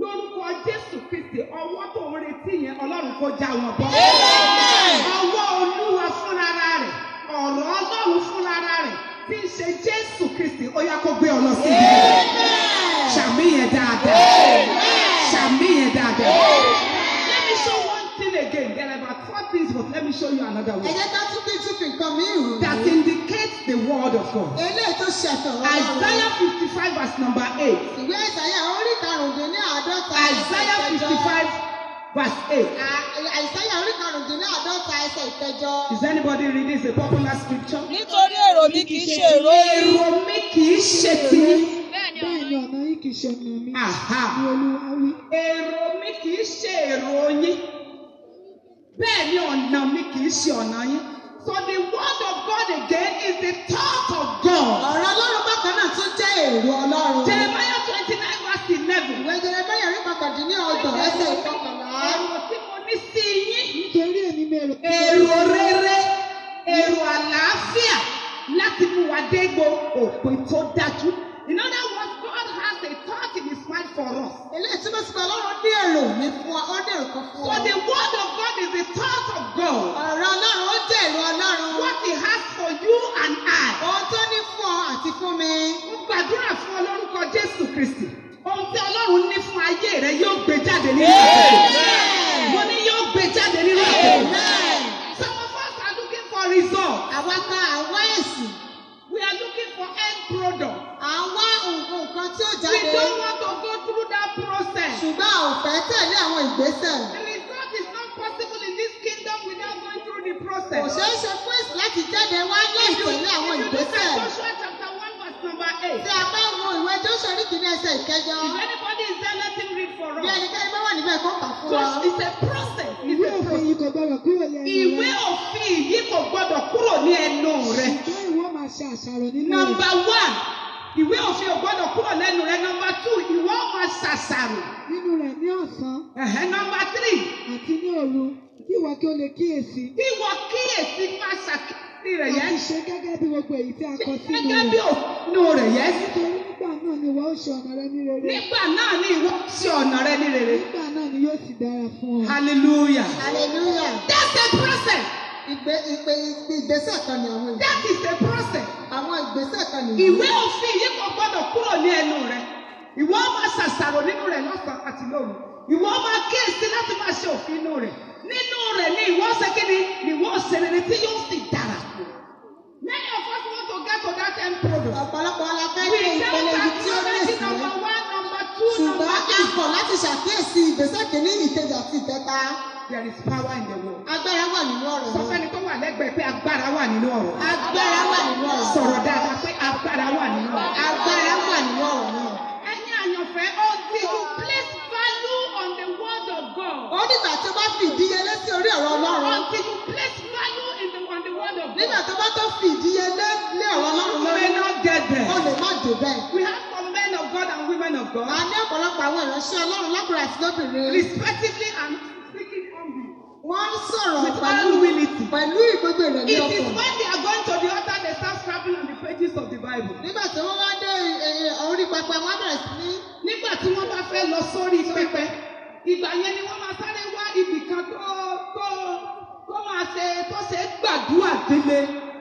lórúkọ jésù kristi ọwọ́ tó ń retí yẹn ọlọ́run kó já wọn bọ́. ọwọ́ olúwa fúnra rẹ̀ ọ̀rọ̀ ọlọ́run fúnra rẹ̀ tí ń ṣe jésù kristi ó yá kó gbé ọ lọ sí ibi. ṣàmì yẹn dáadáa ṣàmì yẹn dáadáa again, there are about four things, but let me show you another way. Ẹ̀jẹ̀ ká tún kí tún fi nǹkan mí rù. That indicates the word of God. Eléyìí tó ṣẹ̀tọ̀ wọ́n. Isaiah fifty five verse number eight. Ìwé Ìsàyà orí karùndínlọ́gbọ̀n ní àádọ́ta. Isaiah fifty five verse eight. Àìsáyà orí karùndínláàdọ́ta ẹsẹ̀ ìkẹjọ. Is anybody reading this a popular scripture? Nítorí èrò mi kì í ṣe èrò yín. Èrò mi kì í ṣe ti. Bẹ́ẹ̀ni ọ̀nà yìí kì í ṣe ọ̀nà mi. Èrò mi kì í ṣe èrò yín bẹ́ẹ̀ ni ọ̀nà mi kì í ṣe ọ̀nà yín. So the word of God again is the talk of God. Ọ̀rọ̀ Ọlọ́run bákan náà tún jẹ́ èrò Ọlọ́run. Jeremiah twenty nine verse eleven. Ìwé Jeremiah rí kọkàndín ní ọgbọ̀n ẹsẹ̀ ìkọkànlá. Èrò tí mo ní sí yín. Nítorí èmi mi èrò. rere, èrò àlàáfíà láti mú wa dé gbo òpin tó dájú. In other words, God has a thought in his mind for us. Eléyìí túmọ̀ sí pé Ọlọ́run ní èrò mi fún wa, ó ní kan fún wa. So the word of God is the thought of God. Ọ̀rọ̀ Ọlọ́run ó jẹ́ èrò Ọlọ́run. What he has for you and I. Ohun tó ní fún ọ àti fún mi. Mo gbàdúrà fún ọlọ́rùkọ Jésù Kristì. Ohun tí Ọlọ́run ní fún ayé rẹ yóò gbé jáde nínú ọ̀rọ̀. Mo ní yóò gbé jáde nínú ọ̀rọ̀. Some of us are looking for result. Àwa kan àwa èsì. We are looking for end product. Àwa nǹkan kan tí ó jáde. We don't want to go through that process. Ṣùgbọ́n a ò fẹ́ tẹ̀lé àwọn ìgbésẹ̀ possible in this kingdom without going through the process. Kò ṣeé ṣe fún èsì láti jáde wá láì tẹ̀lé àwọn ìgbésẹ̀. If you look at Joshua chapter one verse number eight. Ṣé a bá wo ìwé Joshua ní kìíní ẹsẹ̀ ìkẹjọ? If anybody is there, let him read for us. Bí ẹnikẹ́ni bá wà níbẹ̀ kó kà fún wa. It's a process. Ìwé òfin yìí kò gbọdọ̀ kúrò ní ẹnu rẹ. Ìwé òfin yìí kò gbọdọ̀ kúrò ní ẹnu rẹ. Ǹjẹ́ ìwọ máa ṣe àṣàrò nínú rẹ̀? Number one ìwé òfin ò gbọ́dọ̀ kúrò lẹ́nu rẹ nọmba two ìwọ máa ṣàṣàrò. nínú rẹ̀ ní ọ̀sán. ẹ̀hẹ́ nọmba three. àti ní òru kí ìwọ kí o lè kíyèsí. kí ìwọ kíyèsí máa ṣàkíyèsí rẹ̀ yẹn. àti ṣe gẹ́gẹ́ bí gbogbo èyí tí a kọ sínú rẹ̀. gẹ́gẹ́ bí òfin rẹ̀ yẹn. nítorí nígbà náà ni ìwọ ó ṣe ọ̀nà rẹ ní rere. nígbà náà ni ìwọ ṣe ọ̀nà rẹ ní rere. nígbà náà ni yóò sì dára fún ọ. hallelujah. hallelujah. that's the process. Ìgbé ìgbé ìgbésẹ̀ kan ni àwọn ìgbésẹ̀. That is the process. Àwọn ìgbésẹ̀ kan ni. Ìwé òfin yìí kò gbọ́dọ̀ kúrò ní ẹnu rẹ̀. Ìwọ máa ṣàṣàrò nínú rẹ̀ lọ́sàn-án àti lóru. Ìwọ máa kíyèsí láti máa ṣe òfin inú rẹ̀. Nínú rẹ̀ ni ìwọ ṣe kí ni ìwọ ṣe rere tí yóò sì dára. Many of us want to get to that end product. Ọ̀pọ̀lọpọ̀ la fẹ́ ní ìpele ibi tí ó lè sí ṣùgbọ́n ikọ̀ láti ṣàkíyèsí ìgbésẹ̀ kìíní ìkejì àti ìkẹta. There is power in the word. Agbára wà nínú ọ̀rọ̀ náà. Sọ fẹ́ni tó wà lẹ́gbẹ̀ẹ́ pé agbára wà nínú ọ̀rọ̀. Agbára wà nínú ọ̀rọ̀. Sọ̀rọ̀ dáadáa pé agbára wà nínú ọ̀rọ̀. Agbára wà nínú ọ̀rọ̀ náà. Ẹni àyànfẹ́ ó ti place value on the word of God. Ó dìgbà tó bá fi ìdíyelé sí orí ọ̀rọ̀ Ọlọ́run. Until you place value in the, on the word of God. Nígbà tó bá tó fi ìdíyelé lé ọ̀rọ̀ Ọlọ́run lórí. You may not get there. O lè má dé bẹ́ẹ̀. We have God and women of God. A ọ̀pọ̀lọpọ̀ àwọn ìránṣẹ́ Ọlọ́run lọ́kùnrin àti lóbìnrin. Respectively and speaking humbly. Wọ́n ń sọ̀rọ̀ pẹ̀lú humility. Pẹ̀lú ìgbógbó ìrẹ̀lẹ̀ ọkàn. It is when they are going to the altar they start scrapping on the pages of the Bible. Nígbà tí wọ́n wá dé eh, eh, orí pẹpẹ, wọ́n bẹ̀rẹ̀ sí ní. Nígbà tí wọ́n bá fẹ́ lọ sórí pẹpẹ, ìgbà yẹn ni wọ́n máa sáré wá ibì kan tó tó tó máa ṣe tó ṣe gbàdúrà délé.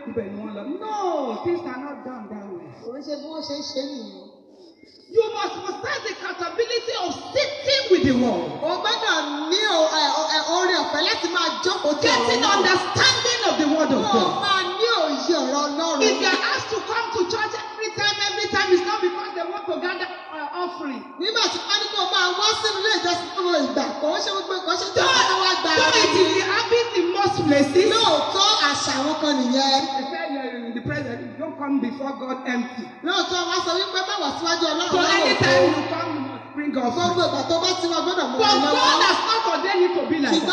Ibẹ̀ ni wọ́n lọ. No, things are not done that way. Kò bí wọ́n ṣe ń ṣe nìyẹn. You must possess the capability of sitting with the world. O gbọ́dọ̀ ní oore ọ̀fẹ́ láti máa jókòó tí ọ̀rọ̀ náà. Getting understanding of the word of God. Ó máa ní òye ọ̀rọ̀ Ọlọ́run. If you are asked to come to church time every time is not because they want to gather uh, offering. Nígbà tí wọ́n ní kó máa wá sínú ilé ìjọsìn fún wọn ìgbà kò ń ṣe wípé kò ń ṣe tí wọ́n bá wá gbà. Don't it is habit in most places. Lóòótọ́ àṣà àwọn kan nìyẹn. They say the present you don't come before God empty. Lóòótọ́ wọ́n sọ wípé má wà síwájú Ọlọ́run lọ́wọ́. So anytime you come bring offering. Gbogbo ìgbà tó bá ti wá gbọ́dọ̀ mọ̀ ọ́ lọ́wọ́. But God has not ordained you to be like that.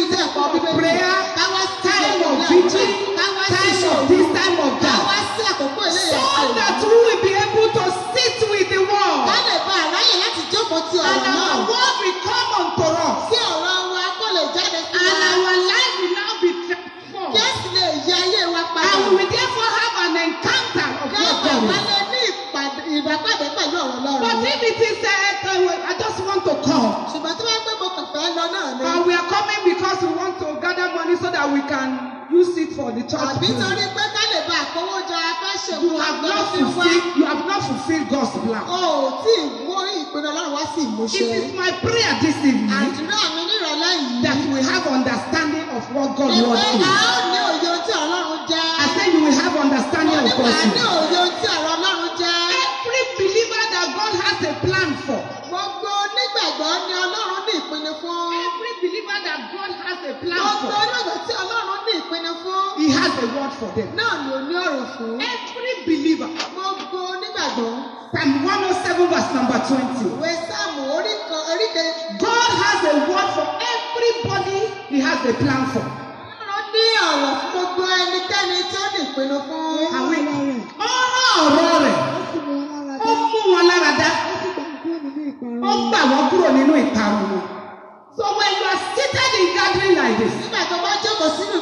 you there for people every believer. gbogbo onígbàgbọ́. Psalm one oh seven verse number twenty. Ìwé Sáàmù orí kan orí kejì. God has a word for everybody he has a plan for. Ọlọ́run ní ọ̀rọ̀ fún gbogbo ẹnikẹ́ni tó ní ìpinnu fún. Àwọn ènìyàn. Ọ̀rọ̀ ọ̀rọ̀ rẹ̀. Ó mú wọn lára dá. Ó gbà wọ́n kúrò nínú ìparun wọn. So when you are seated in gathering like this. Nígbà tó bá jókòó sínú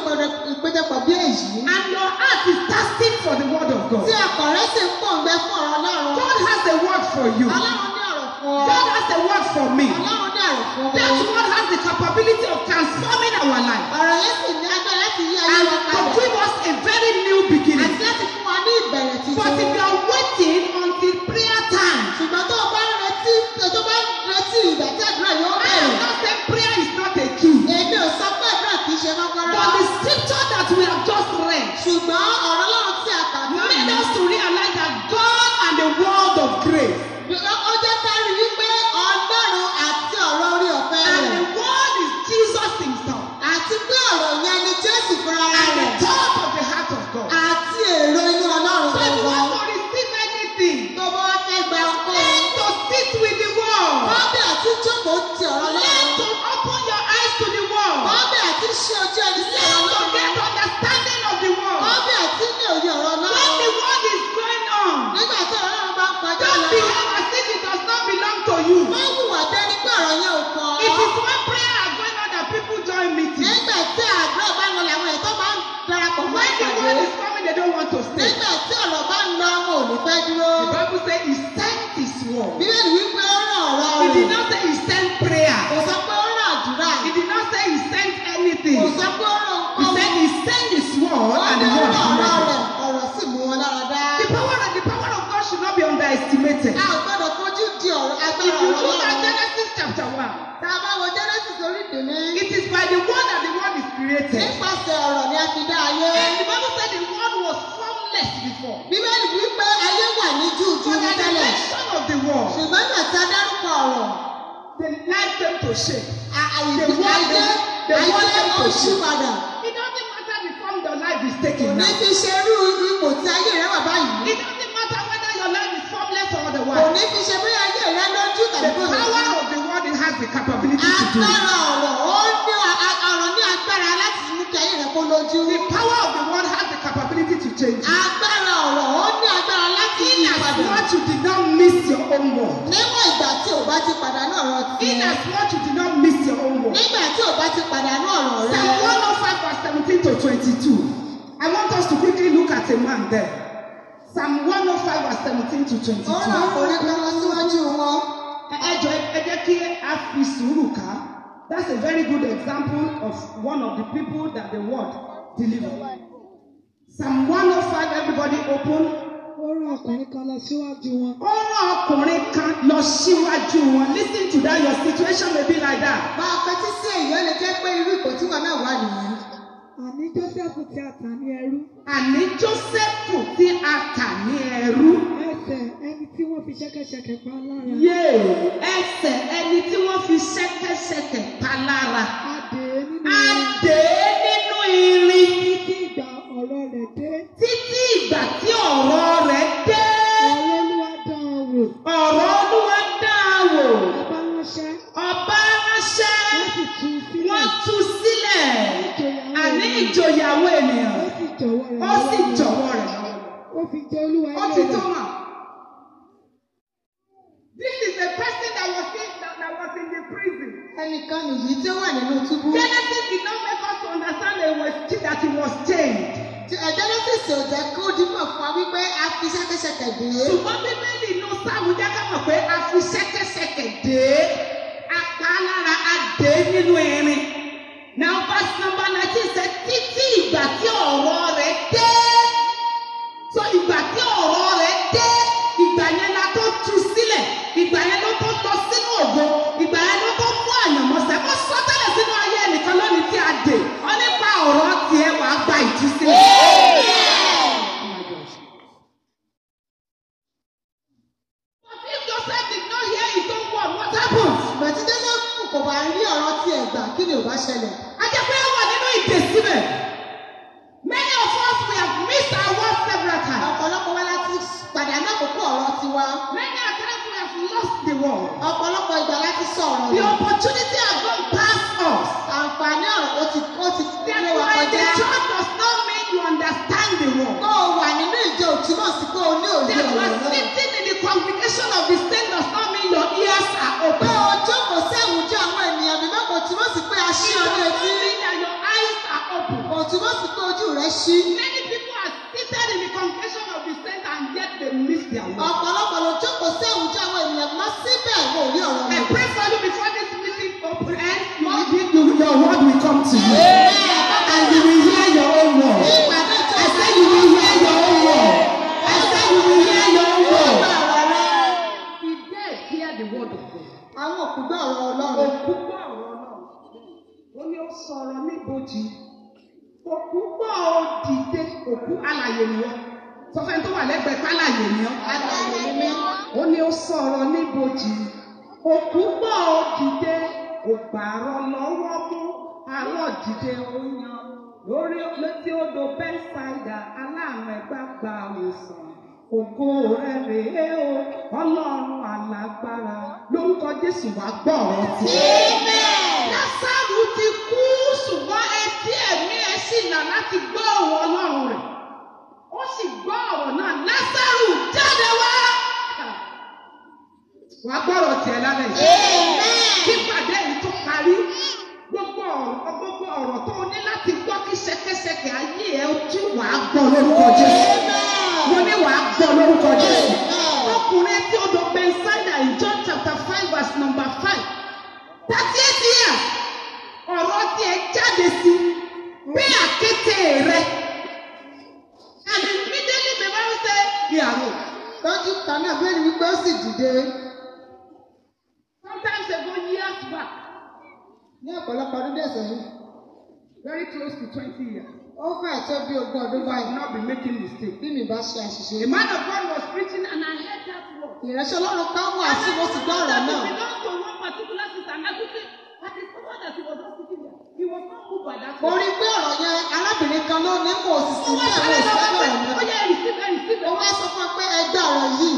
ìpéjọpọ̀ bí èyí. And your heart is thirsty for the word of God. Tí ọkàn rẹ sì ń pọ̀ ń fún ọ̀rọ̀ Ọlọ́run. God has a word for you. Ọlọ́run ní ọ̀rọ̀ fún ọ. God has a word for me. Ọlọ́run ní ọ̀rọ̀ fún ọ. That word has the capability of transforming our life. Ọ̀rọ̀ yẹn sì ní agbára láti yí ayé wa kalẹ̀. And to give us a very new beginning. Àti láti fún wa ní ìbẹ̀rẹ̀ tuntun. But if you are waiting until prayer time. Ṣùgbọ́n tó o bá retí tó o bá retí ìgbà tí yóò is not a key. Èmi ò sọ pé àdúrà kì ṣe kọ́kọ́rọ́. But the scripture that we have just read. Ṣùgbọ́n ọ̀rọ̀ náà tí a kà náà. Made us to realize that God and the world beginning. It is by the word that the world is created. Nípasẹ̀ ọ̀rọ̀ ni a fi dá ayé. And the Bible said the world was formless before. Bíbélì wí pé ayé wà ní júùjú ní tẹ́lẹ̀. But the mention of the word. Ṣùgbọ́n màtá dárúkọ ọ̀rọ̀. They like them to shake. Àìdè ayé ayé It doesn't matter the form your life is taking now. Kò ní fi ṣe irú ipò tí ayé rẹ wà báyìí. It doesn't matter whether your life is formless or otherwise. Kò ní fi ṣe bóyá ayé rẹ lójú tàbí bóyá. The power of the word has the capability to do it. Agbára ọ̀rọ̀. you. The power of the word has the capability to change you. Agbára ọ̀rọ̀ ó ní agbára láti yí ìpadà. In as much you did not miss your own word. Níwọ̀n ìgbà tí o bá ti pàdánù ọ̀rọ̀ tí. In as much you did not miss your own word. Nígbà tí o bá ti pàdánù ọ̀rọ̀ rẹ. Psalm one hundred oh five verse seventeen to twenty-two. I want us to quickly look at a man there. Psalm one hundred oh five verse seventeen to twenty-two. Ó rà fún ẹgbẹ́ wọn síwájú wọn. Ẹ jọ ẹ kí a fi sùúrù ká. That's a very good example of one of the people that the world deliver. Psalm one oh everybody open. Ó rán ọkùnrin kan lọ síwájú wọn. Ó rán ọkùnrin kan lọ síwájú wọn. Listen to that your situation may be like that. Máa fetí sí èyí ó lè jẹ́ pé irú ipò tí wọn náà wà nìyí. Àní Jósẹ́fù tí a tà ní ẹrú. Àní Jósẹ́fù tí a tà ní ẹrú. Ẹsẹ̀ ẹni tí wọ́n fi ṣẹ́kẹ́ṣẹkẹ̀ pa lára. Yéè ẹsẹ̀ ẹni tí wọ́n fi ṣẹ́kẹ́ṣẹkẹ̀ pa lára adé nínú irin. Títí ìgbà ọ̀rọ̀ rẹ̀ dé. Títí ìgbà tí ọ̀rọ̀ rẹ̀ dé. Ọ̀rọ̀ Olúwa dán an wò. Ọ̀rọ̀ Olúwa dán an wò. Ọba ránṣẹ́. Ọba ránṣẹ́. Wọ́n sì tú sílẹ̀. Wọ́n tú sílẹ̀. Àní ìjòyè àwọn ènìyàn. Ó sì jọ̀wọ́ rẹ̀ lọ́wọ́. Ó fi jẹ Olúwa ilé rẹ̀. Ó ti tó mà. This is a person that was in, that, that was in the ẹnìkan nìyí tí ó wà nínú túbú. Genesis did not make us understand that he was, that he was chained. Eh, Genesis ò jẹ́ kó dìbò fún wa wípé a fi ṣẹ́kẹ́ṣẹkẹ̀ dé. Ṣùgbọ́n Bíbélì inú sáwùú jẹ́ ká mọ̀ pé a fi ṣẹ́kẹ́ṣẹkẹ̀ dé. Apálára adé nínú irin. Now verse number nineteen ṣe títí ìgbà tí ọ̀rọ̀ rẹ̀ dé. So ìgbà tí ọ̀rọ̀ rẹ̀ dé, ìgbà yẹn la tó tú sílẹ̀, ìgbà yẹn ló tó lọ sínú ògo ó sọ tẹ́lẹ̀ sínú ayé ẹnìkan lónìí tí a dè ọ nípa ọ̀rọ̀ tiẹ̀ wàá gba ìtúsílẹ̀. But it doesn't kò bá rí ọ̀rọ̀ tí ẹ̀ gbà kí ni ò bá ṣẹlẹ̀. a jẹ́ pé ó wà nínú ìdè síbẹ̀. many of us we have missed our word several times. many a times we have lost the word. ọ̀pọ̀lọpọ̀ ìgbà láti sọ ọ̀rọ̀ yẹn. the opportunity by now o ti o ti tẹ́lẹ̀ wa kọjá. the church does not mean you understand the word. kó o wà nínú ìjọ òtúmọ̀ sí kó o ní òye ọ̀rọ̀ náà. the sitting in the congregation of the state does not mean your ears are open. pé o jókòó sí àwùjọ àwọn ènìyàn mímọ́ kò túmọ̀ sí pé a ṣí ọ̀rọ̀ ẹ̀dí. it mean that your eyes are open. kò túmọ̀ sí pé ojú rẹ̀ ṣí. many people are seated in the congregation of the state and yet they miss their word. ọ̀pọ̀lọpọ̀ ló jókòó sí àwùjọ àwọn ènìyàn mímọ́ síbẹ̀ wò rí ọ̀rọ̀ to you. And you will hear your own word. I said you will hear your own word. I said you will hear your own word. The dead hear the word of God. Àwọn òkú gbọ́ ọ̀rọ̀ Ọlọ́run. Òkú gbọ́ ọ̀rọ̀ Ọlọ́run. Ó ní ó sọ̀rọ̀ níbojì. Òkú gbọ́ ó dìde. Òkú alàyè nìyẹn. Sọ fẹ́ tó wà lẹ́gbẹ̀ẹ́ pálàyè nìyẹn. Alàyè. dìde ó lórí létí odò bẹ́sàìdà aláàánú ẹgbà gba àwòsàn ògo rẹ rèé o ọlọ́run alágbára lórúkọ jésù wá gbọ́ ọ̀rọ̀ tí. lásàrù ti kú ṣùgbọ́n etí ẹ̀mí ẹ̀ sì là láti gbọ́ ọ̀rọ̀ ọlọ́run rẹ̀ ó sì gbọ́ ọ̀rọ̀ náà lásàrù jáde wá. wàá gbọ́ ọ̀rọ̀ tiẹ̀ lálẹ́ yìí gbogbo ọ̀rọ̀ tó o ní láti gbọ́ kí ṣẹkẹṣẹkẹ ayé ẹ tí wàá gbọ́ lórúkọ Jésù mo ní wàá gbọ́ lórúkọ Jésù ọkùnrin tí odò Bethsaida in John chapter five verse number five thirty eight years ọ̀rọ̀ tí ẹ jáde sí bí àkété rẹ and immediately the Bible say ìyàwó tọ́jú tàbí àgbẹ̀rẹ̀ wípé ó sì dìde. sometimes ago years back ní ọ̀pọ̀lọpọ̀ ọdún dẹ̀sẹ̀ yìí. very close to twenty years. ó fẹ́ tó bí ogún ọdún báyìí. I will not been making mistakes. bí mi bá ṣe àṣìṣe. a man of God was preaching and I heard that word. ìránṣẹ́ Ọlọ́run kan wà sí mo sì gbọ́ ọ̀rọ̀ náà. and I that he belong to one particular sister I quickly I that he was not sitting there. He was not cool by that time. mo rí pé ọ̀rọ̀ yẹn arábìnrin kan ló ní kò sì sí ní àwọn ìṣẹ́jú ọ̀rọ̀ náà. ó wá sọ fún ọ pé ẹgbẹ́ ọ̀rọ̀ yìí.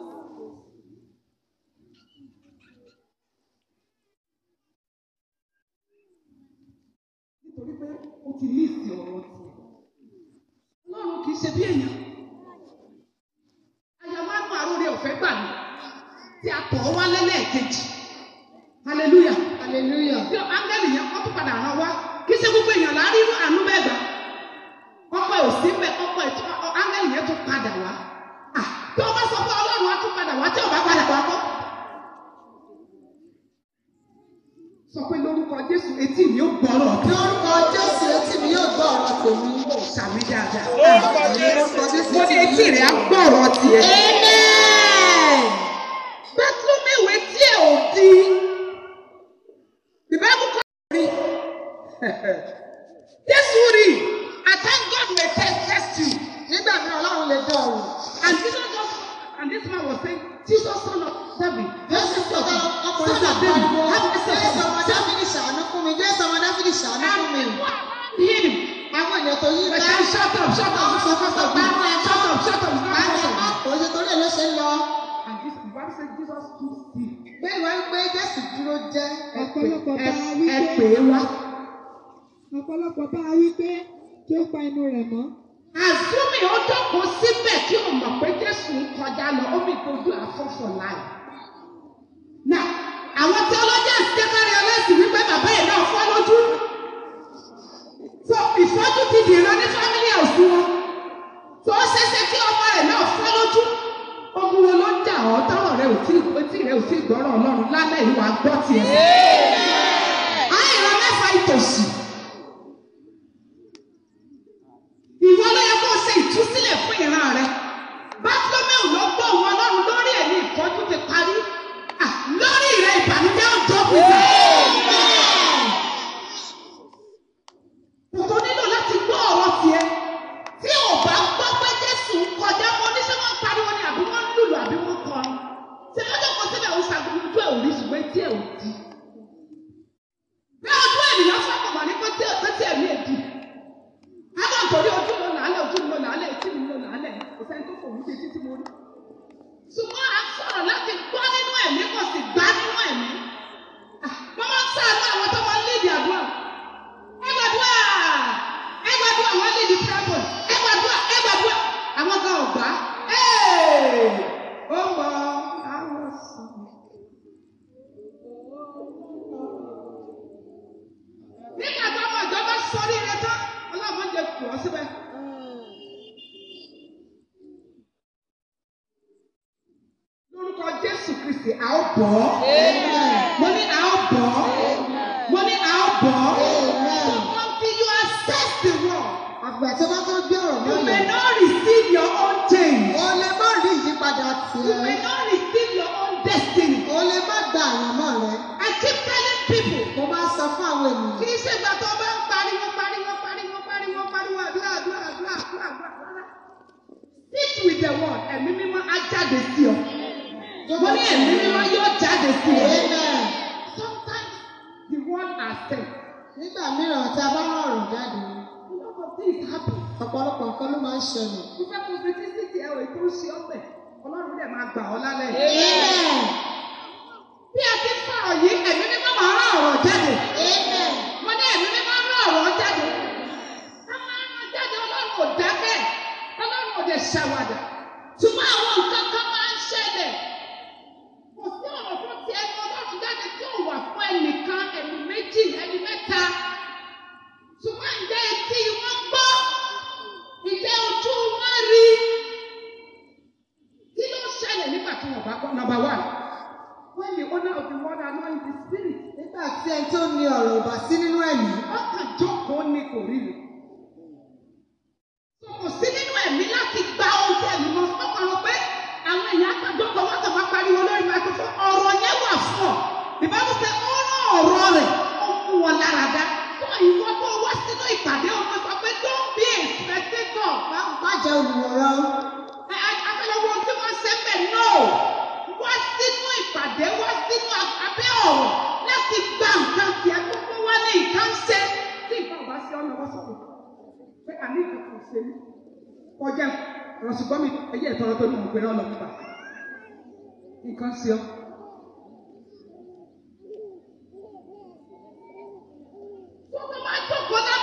ó ti líìsì ọ̀rọ̀ tiẹ̀. Ọlọ́run kì ṣe bí èèyàn. Aya máa ń mú àròrè ọ̀fẹ́ gbà mí tí a tọ̀ ọ́ wá lẹ́lẹ́ẹ̀kejì. Hallelujah. Hallelujah. Bí áńgẹ́lì yẹn kọ́ tó padà rán wá, kì ṣe gbogbo èèyàn lárí àánú bẹ́ẹ̀ gbà. ẹ̀ ò sí bẹ́ẹ̀ ọkọ ẹ̀ áńgẹ́lì yẹn tó padà wá. Bí ọba sọ fún Ọlọ́run á tún padà wá tí ọba padà wá kọ́. sọ pé lórúkọ jésù etí mi yóò gbọ́rọ̀. lórúkọ jésù etí mi yóò gbọ́rọ̀ tèmi. ó sàmì dáadáa. lórúkọ jésù mo ní etí rẹ̀ á gbọ́rọ̀ tiẹ̀. bẹ́túmí ìwé díẹ̀ ò di bíbélì kọ́ rí jésù rí I thank God may test you nígbà mi ọlọ́run lè dán o and Jesus just and this man was saying Jesus son of David. Jesus son of David have mercy on me fún mi jésù ọmọ dáfídì ṣàánú fún mi. àwọn ènìyàn tó yí ká àwọn sọ fún sọ pé àwọn ẹ̀kọ́ àwọn ẹ̀kọ́ kò ṣe torí ẹ̀ ló ṣe ń lọ. bẹ́ẹ̀ wá wípé jésù dúró jẹ́ ẹ̀pẹ́ wá. ọ̀pọ̀lọpọ̀ bá a wí pé kí ó pa inú rẹ̀ mọ́. àzúmi ó jókòó síbẹ̀ kí o mọ̀ pé jésù ń kọjá lọ ó fi kojú àfọ́fọ́ láì. náà àwọn theologians jẹ́ kárí ọlẹ́sìn wípé bàbá yẹn náà fọ́ lójú so ìfọ́jú ti dìran ní family house wọn so ó ṣẹ̀ṣẹ̀ kí ọmọ rẹ̀ náà fọ́ lójú ogun wo ló ń dà ọ́ tọ́rọ̀ rẹ ò tí etí rẹ ò tí gbọ́rọ̀ ọlọ́run lálẹ́ ìwà gbọ́ tiẹ̀. àìrọ̀ mẹ́fà ìtòsí. Yeah. Number one, when the owner of the word are the spirit. Nígbà tí ẹni tó ní ọ̀rọ̀ ò bá sí nínú ẹ̀mí. Wọ́n kàn jókòó ní kò rí rẹ̀. Kò sí nínú ẹ̀mí láti gba oúnjẹ ẹ̀mí mọ́. Wọ́n kàn rò pé àwọn èèyàn kan jókòó wọ́n kàn máa pariwo lórí microphone. Ọ̀rọ̀ yẹn wà fún ọ. Ìbámu ṣe ó rán ọ̀rọ̀ rẹ̀ ó fún wọn lára dá. Sọ ìwọ tó wá sínú ìpàdé ọmọ sọ pé don't be a spectator. Má jẹ́ olùwòran. Àtàlọ́wọ́ tí wọ́n ṣe bẹ̀ náà wá sínú ìpàdé wá sínú abẹ́ ọ̀rọ̀ láti gba nǹkan tí a kọ́kọ́ wá ní ìkánṣe tí ìfọ̀ ọ̀bá sí ọ̀nà wọ́n sọ̀rọ̀ pé àní ìkọ̀kọ̀ ṣe ní kọjá ọ̀rọ̀ ṣùgbọ́n mi ẹyẹ ìtọ́rọ tó ní mo gbéra ọ̀nà pípa nǹkan ṣe ọ́. Gbogbo máa jókòó náà.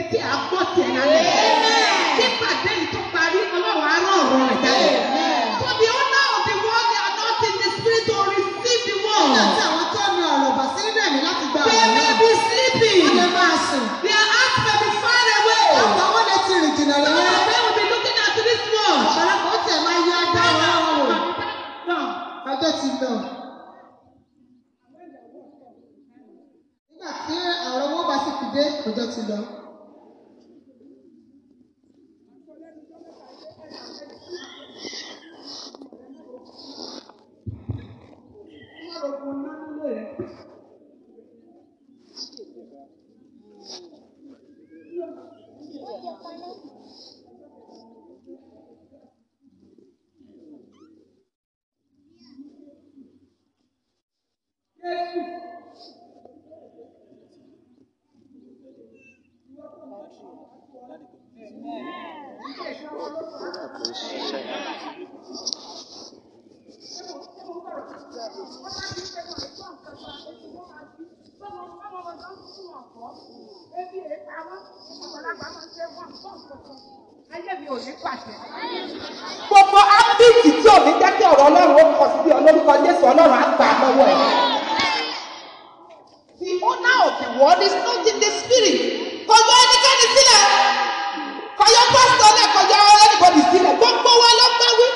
etí àgbọ̀ tiẹ̀ lálẹ́ tí pàdé yìí tó parí ọlọ́run arán ọ̀rọ̀ rẹ̀ jáde. to the owner of the world they are not in the spirit to receive the word. nígbà tí àwọn tó ní ọ̀rọ̀ bà sí nínú láti gba ọ̀rọ̀ náà. they may be sleeping. wọ́n lè máa sùn. their heart may be far away. ọ̀pọ̀ àwọn lè ti rìn jìnnà lọ́wọ́. will be looking at this world. ọ̀pọ̀lọpọ̀ tẹ̀ máa yá dá wọn wò. ọjọ́ ti lọ. nígbà tí àwọn ọmọ bá sì fi dé ọjọ́ ti lọ. 对 gbogbo ábíìtì tí ò ní ọ̀rọ̀ ọlọ́run ó kọ sí olórúkọ jésù ọlọ́run á gbà lọ́wọ́ ẹ̀. the owner of the world is not in the spirit. kò yọ ẹnikẹ́ni sílẹ̀ kò yọ pásítọ̀ náà kò yọ ẹnikẹ́ni sílẹ̀ gbogbo wa ló bá wí.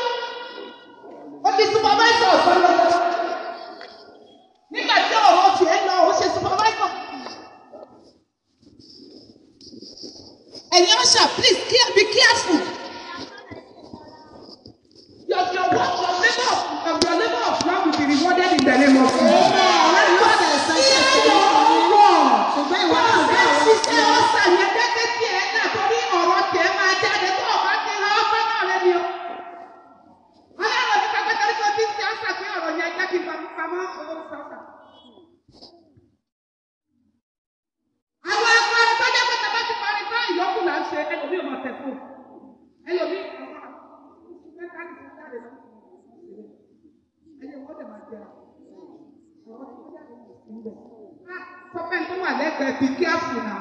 Sọ́pẹ́ tó wà lẹ́gbẹ̀ẹ́ bí kí á fò náà.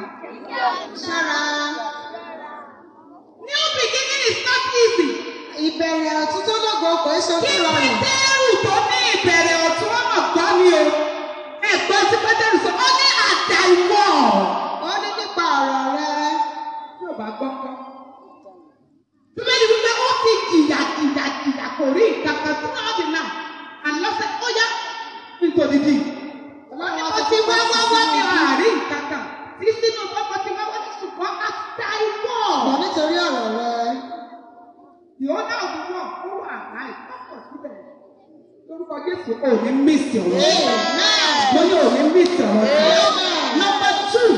Ṣára. New beginning is not easy. Ìbẹ̀rẹ̀ ọ̀tún tó dọ̀gbọ̀ kò ṣe fún wa. Kí Pétérù tó ní ìbẹ̀rẹ̀ ọ̀tún wọn gbọ́ ni o. Ẹ gbọ́ sí Pétérù sọ, ó ní àtà Ó ní nípa ọ̀rọ̀ rẹ. Yóò bá gbọ́ odidi. ọkọ ti wá wá wá mi ò àrí ìkàkà tí sínú ọkọ ti wá wá mi ṣùgbọ́n àtà ìwọ̀. ọ̀nà nítorí ọ̀rọ̀ rẹ. ìhóná òwúrọ̀ ó wà láì pápọ̀ síbẹ̀. lórúkọ Jésù ò ní number two.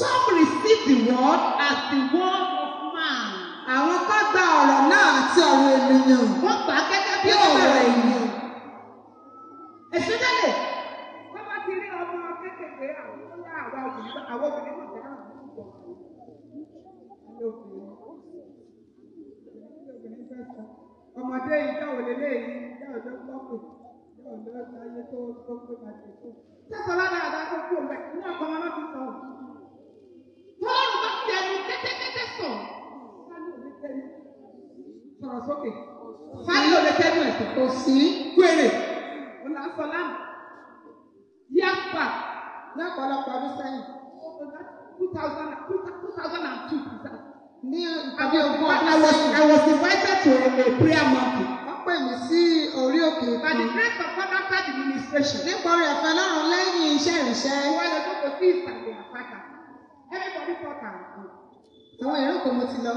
some receive the word as the word of man. àwọn kan gba ọ̀rọ̀ náà àti ọ̀rọ̀ ènìyàn. wọ́n gbà gẹ́gẹ́ bí ọ̀rọ̀ ènìyàn especially wọ́n bá ti rí ọmọ kékèké àwọn tó àwa obìnrin àwọn obìnrin mọ̀ dáhùn ní obìnrin ilé ọmọdé yìí dáwọ̀ lélẹ̀ yìí dáwọ̀ ló gbọ́ pé dáwọ̀ ló láyé tó tó pé máa ti tó. sẹ́sọ̀ lára àdá tó kú ọ̀gbẹ́ ní ọkọ̀ wọn láti sọ. tọ́lọ́run bá fi ẹnu kẹ́tẹ́kẹ́tẹ́ sọ. sọ̀rọ̀ sókè. fáyọ̀ lè tẹ́nu ẹ̀ kò sí wéré ọ̀là sọlámù yàgbà lọ́pọ̀lọpọ̀ ọdún sẹ́yìn two thousand two thousand and two ní abẹ́ògùn ọdún I was invited to a prayer mountain. wọ́n pè mí sí orí òkè kan. by the grace of God after the ministration. nípa orí ọ̀fẹ́ lọ́rùn lẹ́yìn iṣẹ́ ìrìnsẹ́. wọ́n lọ sọ́kò sí ìsàlẹ̀ àpáta everybody talk am. àwọn ìrìn kò mo ti lọ.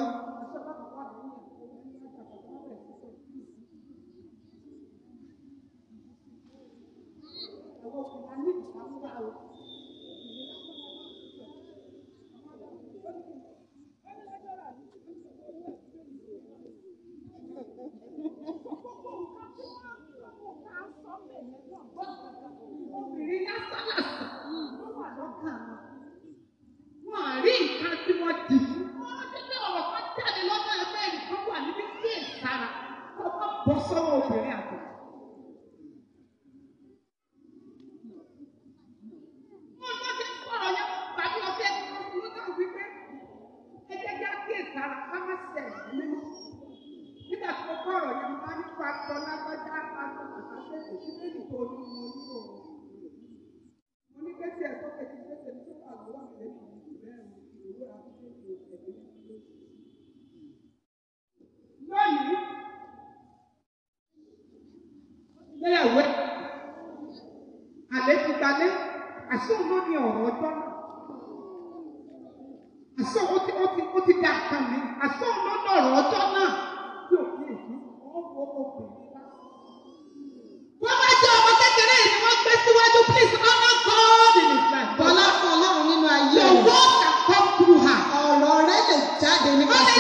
我参全部强干。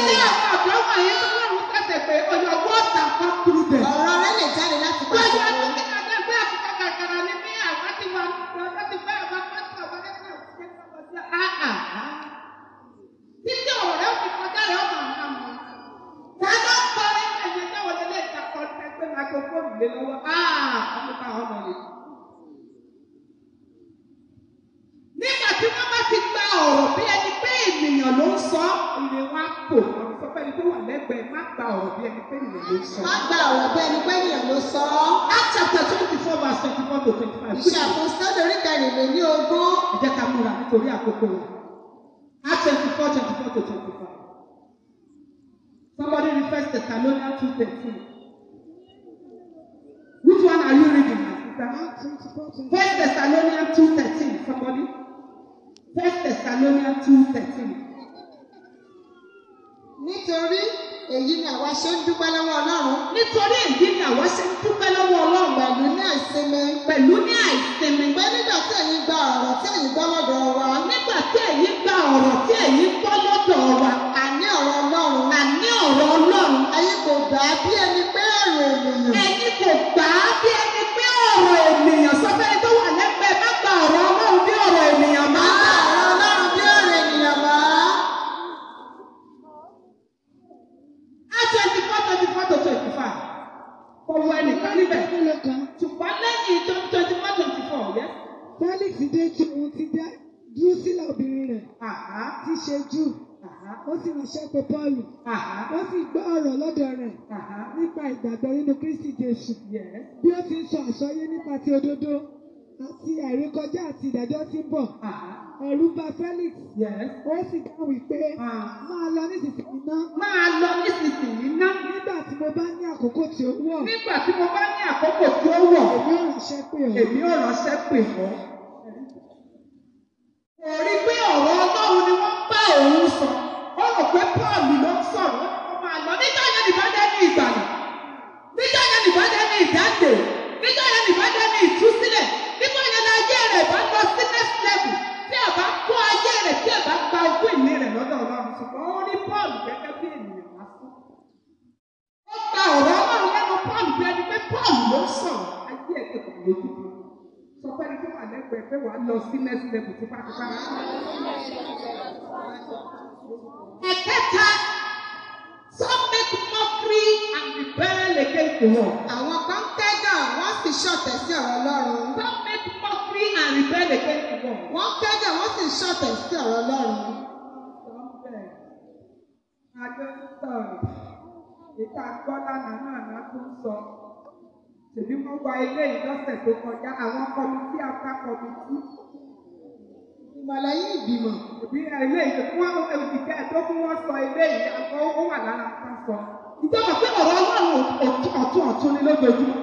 ní àwọn àdúrà wọ̀nyí tó lọ́run ṣẹ̀ṣẹ̀ pé ọ̀yọ̀ wọ́ọ̀tà kan kúrú ni bí àgbà ti wà lọ́dọ̀ ti gbé àgbà pásítọ̀ wọlé náà ṣe kọ́kọ́ sí àhà. títí ọ̀rọ̀ rẹ fi kọjá rẹ ọmọ àná mọ́. dáná kọrin ẹ̀yẹ náà wọlé lè takọ ẹgbẹ́ microphone lé lọ́wọ́ ah, nígbà tí wọ́n bá ti gba ọ̀rọ̀ bí ẹni èèyàn ló ń sọ ire wa pò ọ̀rọ̀ sọ fẹ́ni tó wà lẹ́gbẹ̀ẹ́ má gba ọ̀rọ̀ bí ẹni pé ènìyàn ló sọ. má gba ọ̀rọ̀ bí ẹni pé ènìyàn ló sọ. Acts chapter twenty four verse twenty four to twenty five. ìṣe àpòsílẹ̀ orí kẹrìnlẹ̀ ní ogún. ẹ jẹ́ ká múra nítorí àkókò rẹ̀. Acts twenty four twenty four to twenty five. Somebody refers to Thessalonians two thirteen. Which one are you reading, sister? First Thessalonians two thirteen. Somebody. First Thessalonians two thirteen nítorí èyí ni àwa ṣe ń dúpẹ́ lọ́wọ́ ọlọ́run. nítorí èyí ni àwa ṣe ń dúpẹ́ lọ́wọ́ ọlọ́run. pẹ̀lú ní àìsinmi. pẹ̀lú ní àìsinmi. pé nígbà tí ẹ̀yin gba ọ̀rọ̀ tí ẹ̀yin gbọ́ lọ́dọ̀ wa. nígbà tí ẹ̀yin gba ọ̀rọ̀ tí ẹ̀yin gbọ́ lọ́dọ̀ wa. àní ọ̀rọ̀ ọlọ́run. àní ọ̀rọ̀ ọlọ́run. ẹ̀yin kò gbà á bí ẹni pé ọ̀rọ̀ ènìyàn. ẹ̀yin kò gbà á bí ẹni pé ọ̀rọ̀ ènìyàn Ọ̀wọ́ ẹnìkan níbẹ̀. Ṣùgbọ́n lẹ́yìn twenty twenty one twenty four yẹn. Felix dé tí òun ti dá dúró sílẹ̀ obìnrin rẹ̀. Ti ṣe jù. Ó sì ránṣẹ́ pé Pọ́ọ̀lù. Ó sì gbọ́ ọ̀rọ̀ lọ́dọ̀ rẹ̀ nípa ìgbàgbọ́ nínú Kristi Jésù. Bí ó ti ń sọ àsọyé nípa ti òdodo àti àìrékọjá àti ìdájọ́ tí ń bọ̀. Ah. ẹ̀rù bà Felix. ó sì dáhùn wípé ah. máa lọ nísinsìnyí ná. máa lọ nísinsìnyí ná. nígbà tí mo bá ní àkókò tí ó wọ̀. nígbà tí mo bá ní àkókò tí ó wọ̀. èmi ò ránṣẹ́ pè ọ́. èmi ò ránṣẹ́ pè ọ́. kò rí pé ọ̀rọ̀ Ọlọ́run ni wọ́n bá òun sọ. ó rò pé Paul ló ń sọ̀rọ̀ ó máa lọ nígbà yẹn nìbàdàn ní ìgbàlà nígbà yẹn nìbàdàn ní ìdáǹdè. level tí ẹ bá kó ayé rẹ̀ tí ẹ bá gba ogún ìní rẹ̀ lọ́dọ̀ ọlọ́run ṣùgbọ́n ó rí Pọ́ọ̀lù gẹ́gẹ́ bí ènìyàn lásán. ó gba ọ̀rọ̀ ọlọ́run lẹ́nu Pọ́ọ̀lù bí ẹni pé Pọ́ọ̀lù ló sọ̀rọ̀ ayé ẹ̀ kò lójú tó. sọ pé ẹni tó wà lẹ́gbẹ̀ẹ́ pé wàá lọ sí next level tipátipá. ẹ̀kẹta Some make mockery and rebel against the word. Àwọn kan kẹ́gàn wọ́n sì ṣọ̀tẹ̀ sí ọ̀rọ̀ Ọlọ́run. Some make mockery and rebel against the word. Wọ́n kẹ́gàn wọ́n sì ṣọ̀tẹ̀ sí ọ̀rọ̀ Ọlọ́run. Sọ́ńbẹ̀ Adé ń sọ̀rọ̀ ìta gbọ́dánà náà náà tún sọ. Ṣèbí mo gba ilé ìlọ́sẹ̀ tó kọjá àwọn kọmitì after kọmitì ìmọ̀lẹ̀ yìí ìgbìmọ̀. òbí ilé ìgbìmọ̀ wọn ìgbà tó kún wọn sọ ilé yìí àgọ́ ó wà lára wọn sọ. ìjọba pé ọ̀rọ̀ ọlọ́run ọ̀tún ọ̀tún ni lójoojúmọ́.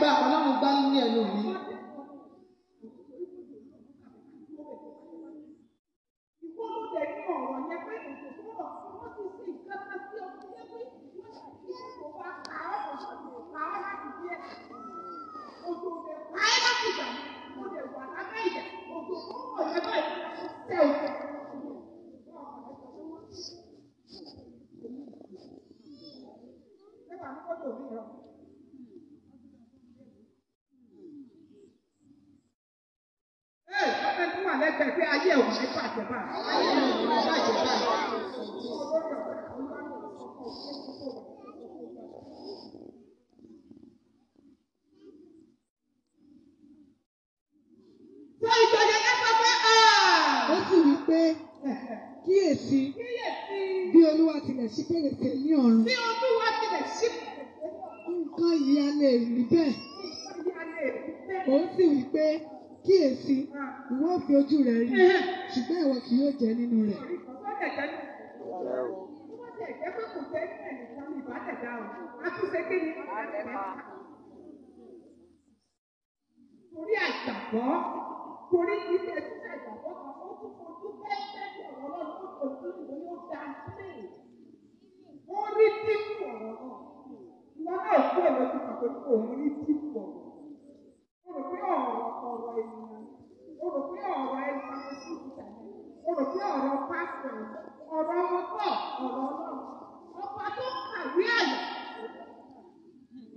gba ọlọ́run gbá nínú ẹnu mi jẹ nínú rẹ̀. Torí àgbàgbọ́, torí ìdílé àgbàgbọ́ kan, ó tún fojú bẹ́ẹ̀ bẹ́ẹ̀ ọ̀rọ̀ náà tó fojú ìwé ó dáa sílẹ̀. Ó rí dípò ọ̀rọ̀ náà. Ìwọ náà kú ẹ̀rọ ti kàn pé òun rí dípò ọ̀rọ̀. rò pé ọ̀rọ̀ ọ̀rọ̀ ènìyàn, mo rò pé ọ̀rọ̀ ẹ̀sùn àti ìgbà mo rò pé ọ̀rọ̀ pásítọ̀ ọ̀rọ̀ ọmọ pọ̀ ọ̀rọ̀ ọlọ́run ọba tó kàwé àyè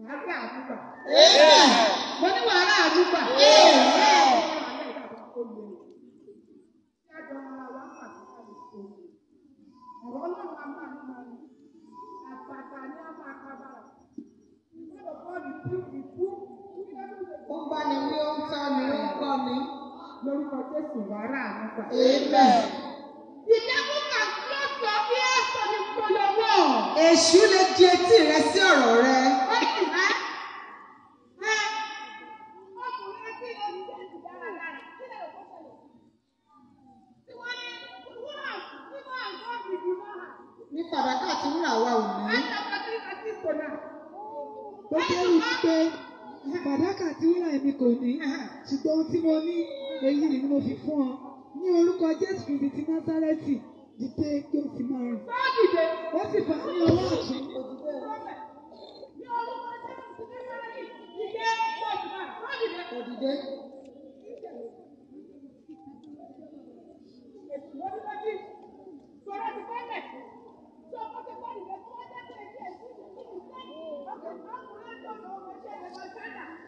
wàhálà àdúgbà mo ní wàhálà àdúgbà. wara anụkwa èṣù lè di etí rẹ sí ọ̀rọ̀ rẹ. ṣùgbọ́n ohun tí mo ní èyí ni mo fi fún ọ ní orúkọ Jésù Kristi ti Násárẹ́tì dìde kí o sì máa rìn. ó sì fà á ní ọwọ́ ọ̀tún òdìdé rẹ̀. Thank you.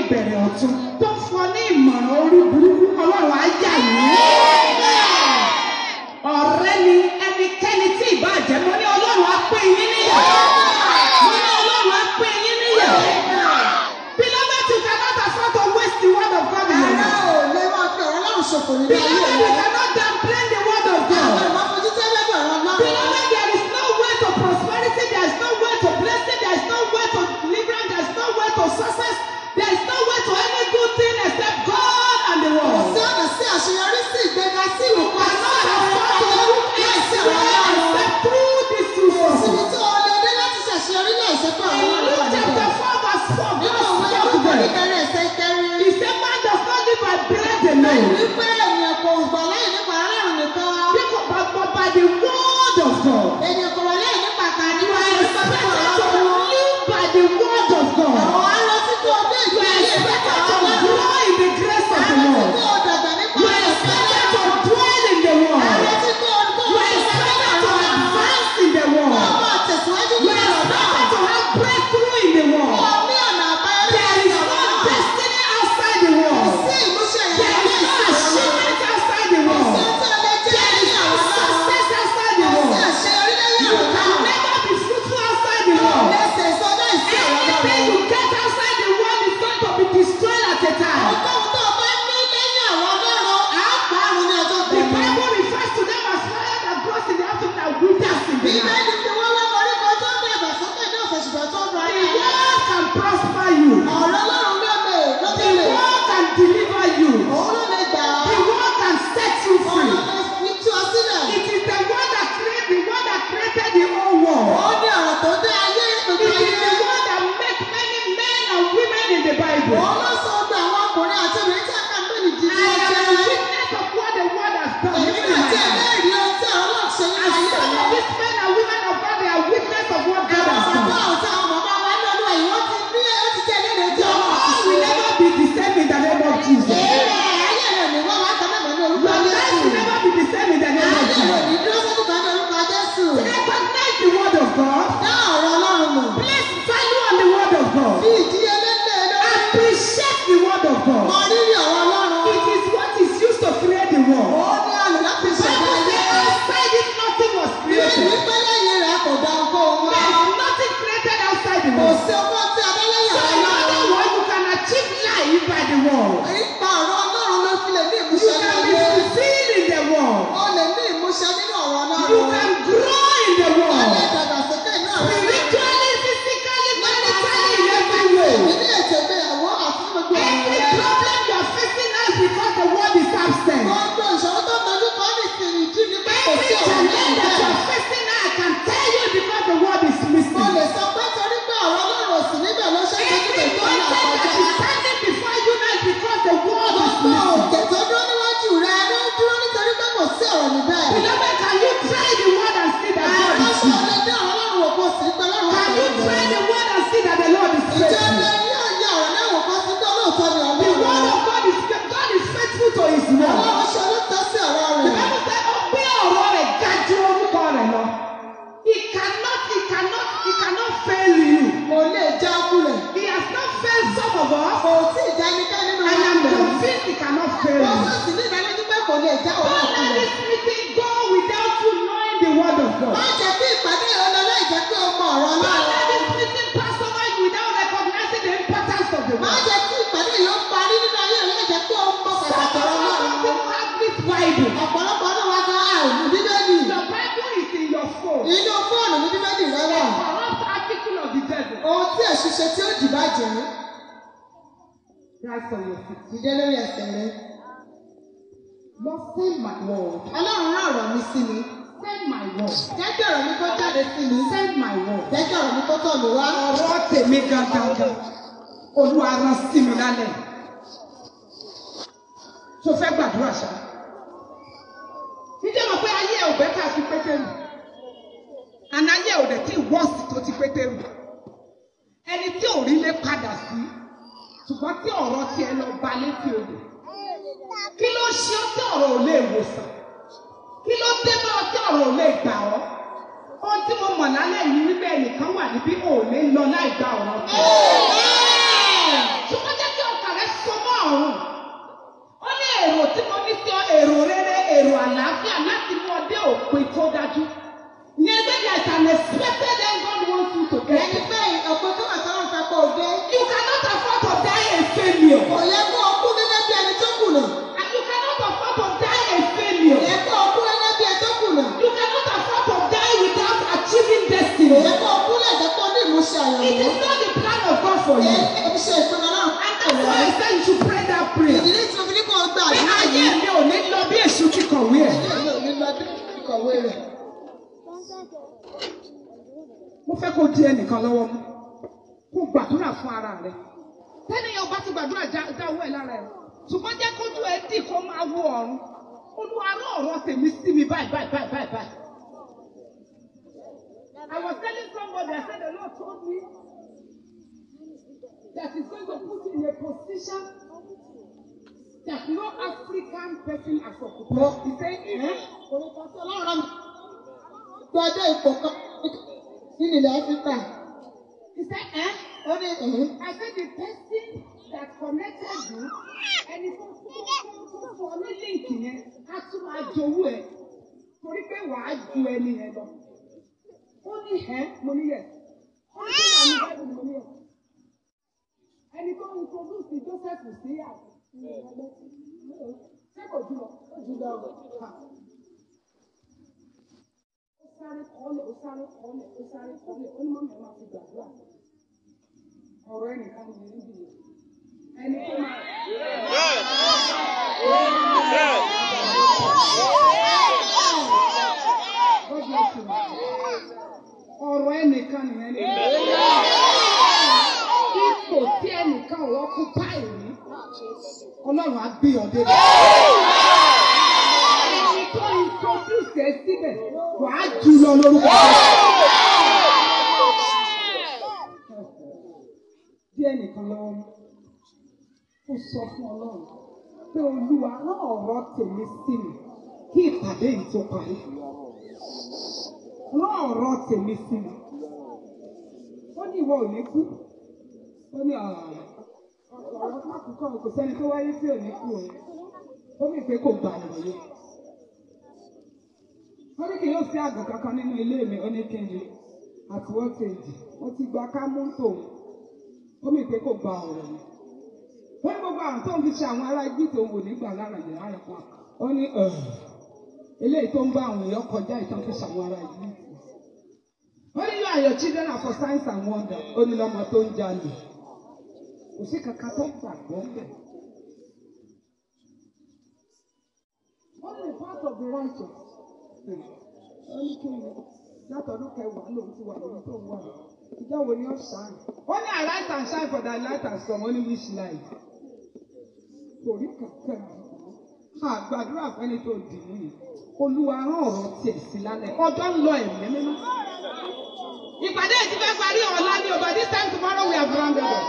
ìbẹ̀rẹ̀ ọ̀tun tó fún ọ ní ìmọ̀ràn orí burúkú ọlọ́run á yà yín. ọ̀rẹ́ ni ẹnikẹ́ni tí ìbá jẹ́ mọ́ Amen. Rise on your feet. Dìde lórí ẹsẹ̀ rẹ. Lọ send my word. Ọlọ́run rán ọ̀rọ̀ mi sí mi. Send my word. Jẹ́ kí ọ̀rọ̀ mi kó jáde sí mi. Send my word. Jẹ́ kí ọ̀rọ̀ mi kó tọ̀ mí wá. Ọ̀rọ̀ tèmi gangan. Olúwa rán sí mi lálẹ́. Ṣo fẹ́ gbàdúrà ṣá? Ǹjẹ́ mọ̀ pé ayé ẹ̀ ò bẹ́ ká fi Pétérù? Àná ayé ẹ̀ ò dẹ̀ tí wọ́ọ̀sì tó ti Pétérù. Ẹni tí ò rí lé padà sí ṣùgbọ́n tí ọ̀rọ̀ tiẹ̀ lọ ba létí odò kí ló ṣe ọ́ tí ọ̀rọ̀ ò lè wòsàn kí ló dé bá ọ́ tí ọ̀rọ̀ ò lè gbà ọ́ ohun tí mo mọ̀ lálẹ́ yìí wípé ẹnìkan wà níbí ò lè lọ láì gba ọ̀rọ̀ tó. ṣùgbọ́n jẹ́ kí ọkàn rẹ sọ mọ́ ọ̀run ó ní èrò tí mo ní sí èrò rere èrò àlàáfíà láti mú ọ dé òpin tó dájú ní ẹgbẹ́ yẹn ìtàn expected end God wants you to get. ẹni pé ọ̀pọ̀ tó wà sọ́run sapọ̀ òde. you can failure. Kò yẹ kó o kú gẹ́gẹ́ bí ẹni tó kùnà. And you cannot afford to die a failure. Kò yẹ kó o kú gẹ́gẹ́ bí ẹni tó kùnà. You cannot afford to die without achieving destiny. Kò yẹ kó o kú lẹ́jẹ̀ kó o ní ìmúṣẹ àyàwó. It is not the plan of God for you. Ẹ ẹ ṣe ìpinnu náà. And that's why I say you should pray that prayer. Ìdílé tí mo fi ní kó o gbà ní àyè. Bí ayé mi ò ní lọ bí èṣù ti kọ̀wé ẹ̀. Mo fẹ́ kó di ẹnìkan lọ́wọ́ mú. Kó gbàdúrà fún ara rẹ̀ tẹ́lẹ̀ ọba ti gbàdúrà jáwọ́ ẹ̀ lára ẹ̀ ṣùgbọ́n jẹ́ kójú ẹ̀ dì kó máa wo ọ̀run olúwa ọ̀rọ̀ tèmi sí mi báyìí báyìí báyìí báyìí báyìí. I was telling somebody I said the Lord told me that he's going to put in a position that no African person has occupied. He said, eh? Gbọ́dọ̀ ipò kan nínú ilẹ̀ Áfíríkà. He said, eh? ó ní. I said the person that connected you and tó tó fọ ní líǹkì yẹn á tún máa jowú ẹ torí pé wàá ju ẹni yẹn lọ. ó ní ẹ mo ní yẹ ó ní kí wàá ní báyìí mo ní yẹ ẹni tó ń introduce Joseph sí àwọn ṣé sáré kọ́lẹ̀ ó sáré kọ́lẹ̀ ó sáré kọ́lẹ̀ ó ní mọ́mí ẹ̀ máa fi gbàdúrà ọ̀rọ̀ ẹnìkan ní ìlú ìlú ẹni tó máa. ọ̀rọ̀ ẹnìkan nìyẹn ní ìlú. ipò tí ẹnìkan ò wọ́n kú páì ní ọlọ́run á gbé ọdẹ lọ. ẹni tó introduce ẹ síbẹ̀ wàá jù lọ lórúkọ. dí ẹnìkan lọ́wọ́ mú ó sọ fún ọlọ́run pé olúwa rán ọ̀rọ̀ tèmi sí mi kí ìpàdé yìí tó parí rán ọ̀rọ̀ tèmi sí mi ó ní ìwọ ò ní kú ó ní ọ̀rọ̀ mákùkọ́ kò sẹ́ni tó wáyé tí ò ní kú o ó mì pé kò gbà nìyẹn ó ní kí yóò sí àgùn kankan nínú ilé mi ó ní kí n lè at what ó ti gba ká mú tòun. ó mì ko kò gba mi gbogbo àwọn tó ń fi ṣe àwọn ará ibi tó ń wò nígbà lára ìlú ara kan ó ní eléyìí tó ń bá àwọn èèyàn kọjá ìtàn fi ará ó ní children science and wonder ó ní tó ń jalè ìjọ wo ni ó ṣàn. ó ní arise and shine for thy light has come only which light. kò rí kankan àgbàdúrà fẹ́ni tó dì mí olúwa rán ọ̀rọ̀ tiẹ̀ sí lálẹ́ ọjọ́ ń lọ ẹ̀mí mímọ́. ìpàdé yìí ti fẹ́ parí ọ̀la ni o but this time tomorrow we have rounded up.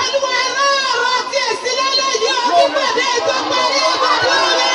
olúwa rán ọ̀rọ̀ tiẹ̀ sí lálẹ́ yìí ó ti pàdé tó parí ìpàdé rẹ̀.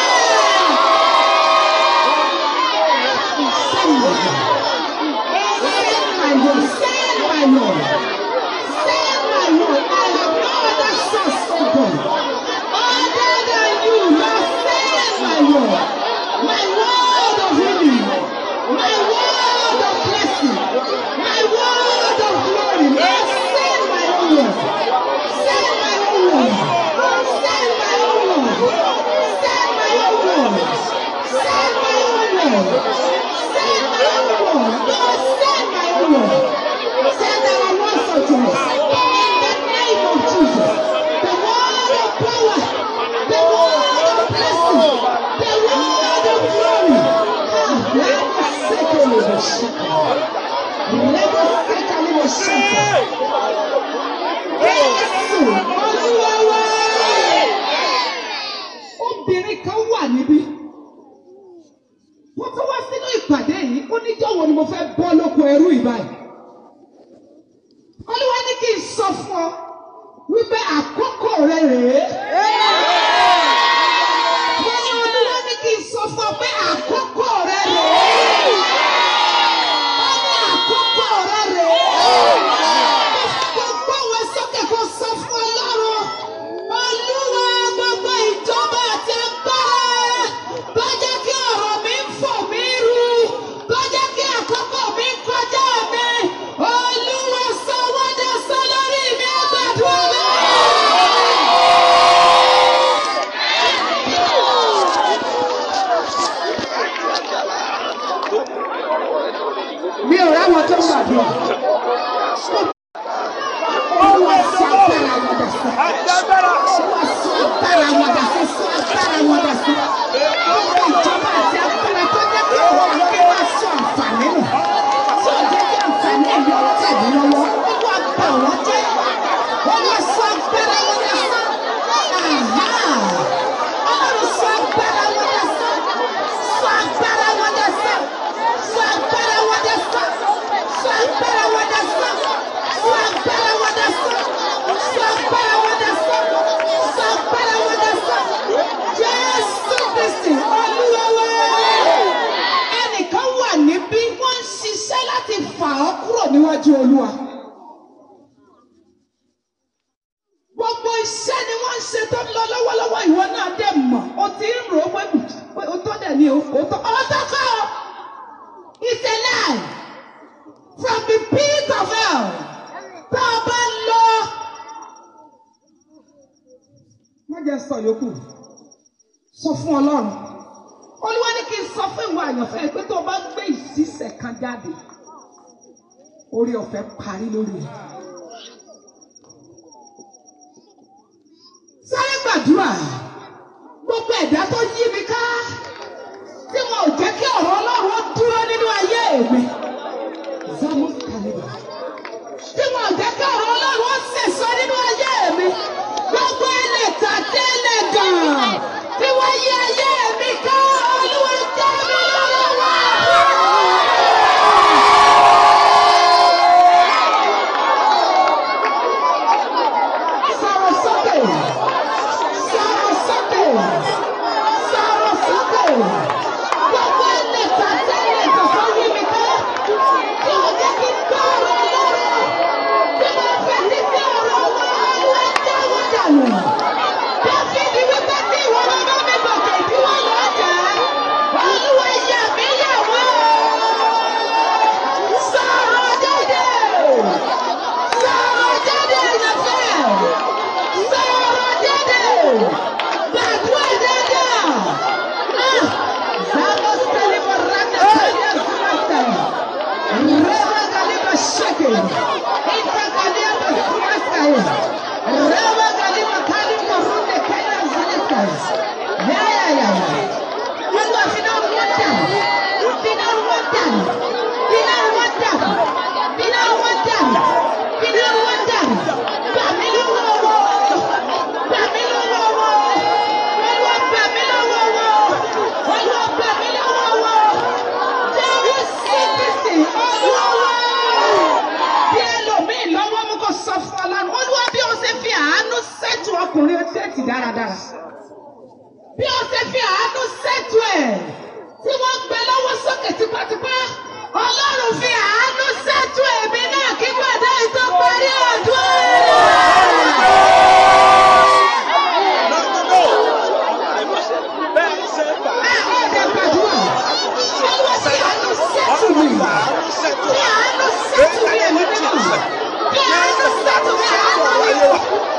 ni mo fẹ́ bọ́ lóko ẹrú ìbáyìí. olúwa ní kí n sọ fún ọ wípé àkókò rẹ rèé. sí dáradára. Bí o ṣe fi àánú ṣètò ẹ̀ tí wọ́n gbé lọ́wọ́ sókè tipátipá, Ọlọ́run fi àánú ṣètò ẹ̀mí náà kí gbàdá ètò parí ọdún ẹ̀. Thank you.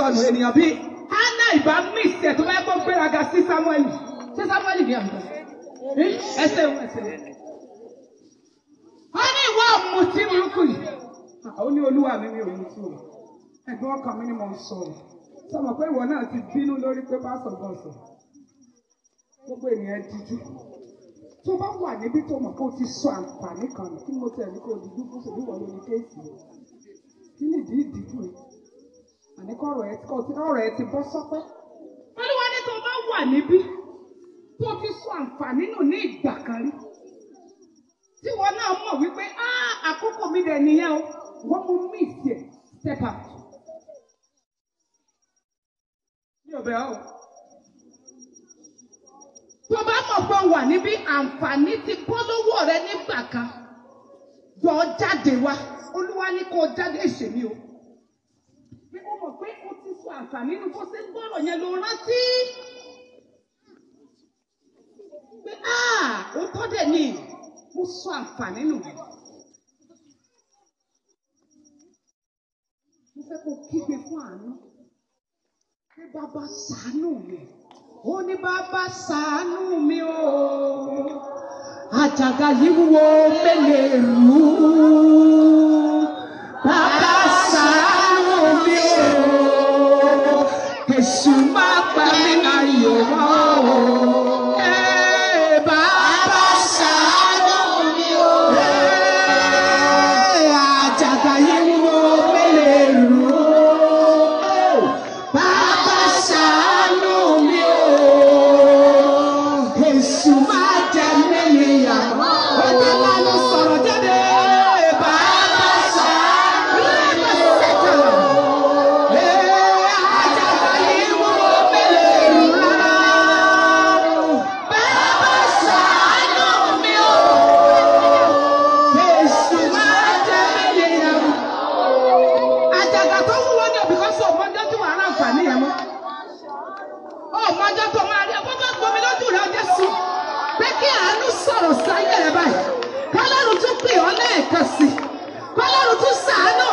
sọnù ènìyàn bíi hánà ìbá mísì ẹ̀ tó bá yẹ kó gbéraga sí sámúẹ́lì ṣé sámúẹ́lì ni àmọ́ ẹsẹ̀ wọn ẹsẹ̀ wọn. wọ́n ní ìwọ ọ̀mùtí burúkú yìí ó ní olúwa mi mi ò mú tó ẹ̀gbọ́n ọkàn mi ni mo ń sọ̀rọ̀ sọmọ pé ìwọ náà ti bínú lórí pé bá sọ bọ̀ gbogbo ènìyàn díjú tó bá wà níbi tó mọ̀ kó o ti sọ àǹfààní kan kí mo tẹ̀lé kó o dídú fún ṣèlú wọlé ní kéèsì kí nìdí ìdíjú yìí àníkọ́ ọ̀rọ̀ ẹ ti ọ̀rọ̀ ẹ ti bọ́ sọ́pẹ́. olúwa ní tó bá wà níbí tó ti sọ àǹfààní nù ní ìgbà kan rí tí wọn náà mọ̀ wípé àkókò mi dẹ̀ nìyẹn o wọ́n mú mí ìsì ẹ̀ step out. mi ò bẹ̀ ọ́ tó bá mọ̀ pé wà níbí àǹfààní ti bọ́ lọ́wọ́ rẹ nígbà kan jọ jáde wá olúwa ní kó jáde èsè o pé ó mọ̀ pé ó ti sọ àǹfààní nínú bó ṣe gbọ́rọ̀ yẹn ló rántí. pé ah, ó tọ́ dẹ̀ ni mo sọ àǹfààní nù. mo fẹ́ kó kígbe fún àánú pé bàbá ṣàánú mi ó ní bàbá ṣàánú mi o àjàgà yìí wúwo mélèé rú bàbá. to sọ̀rọ̀ sáyé ẹ̀ báyìí kọ́lọ́run tún pè ọ́ lẹ́ẹ̀kan sí kọ́lọ́run tún sàánú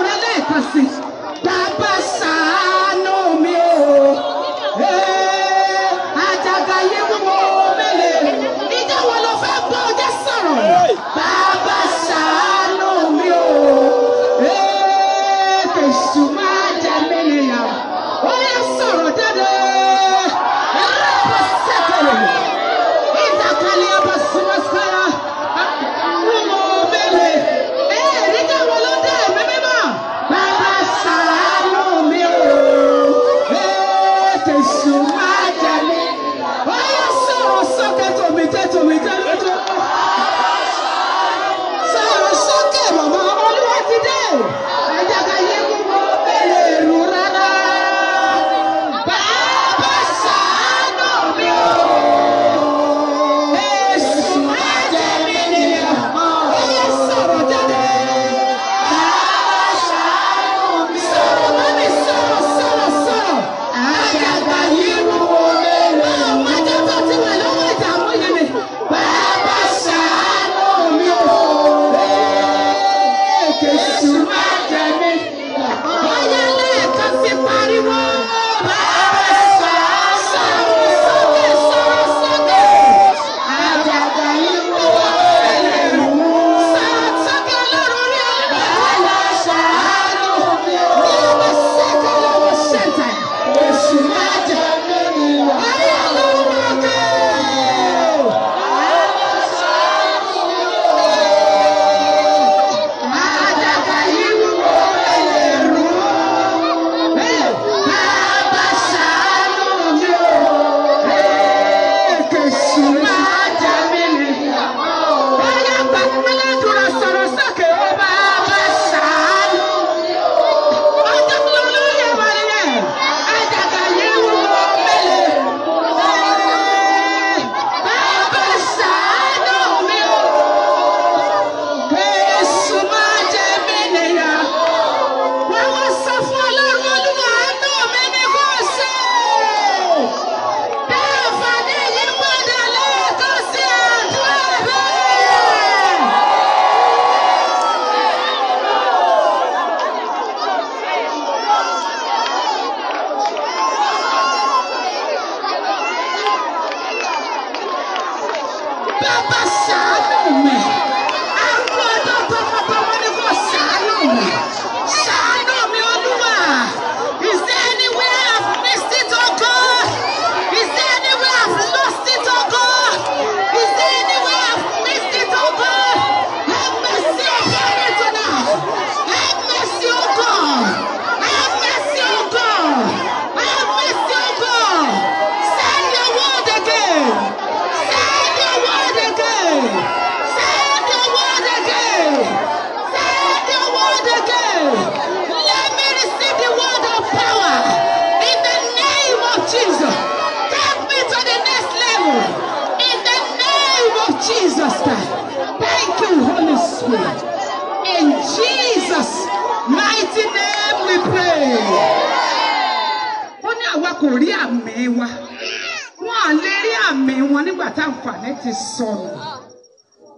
mi ti sọnù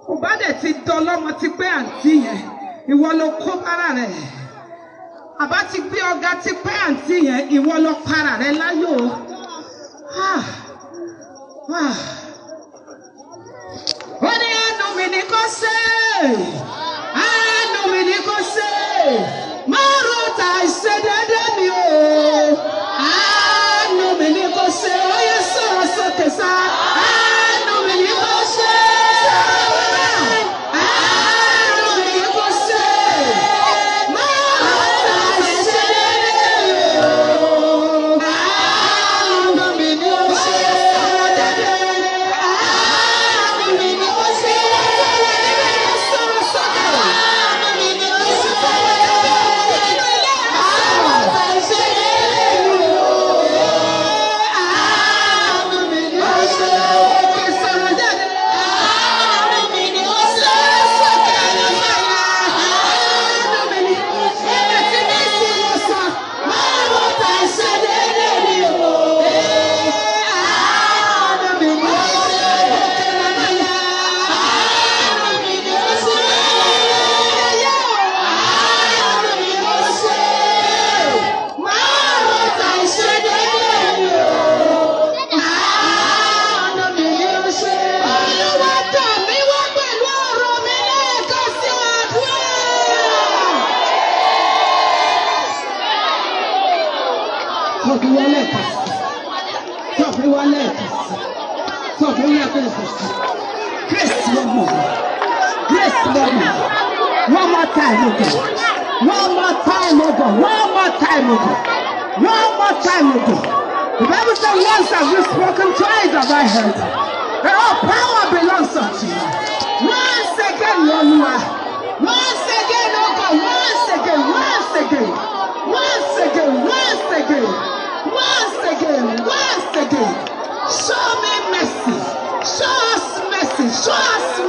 kò bá dẹ̀ ti dọlọ́mọ ti pé àǹtí yẹn ìwọ ló kó bára rẹ̀ àbá ti gbé ọ̀gá ti pé àǹtí yẹn ìwọ ló para rẹ̀ láyò ah, ah. ó ní àánú mi ni kò ṣe àánú mi ni kò ṣe máa ro ta ìṣedédé mi o àánú mi ni kò ṣe ó yẹ sọ̀rọ̀ sókè sáà. one more time ago. One more time ago. The Bible says, once have you spoken, twice have I heard. That all power belongs unto you. Once again, Lolua. Once again, Oka. Once again, once again. Once again, once again. Once again, once again. Show me mercy. Show us mercy. Show us mercy.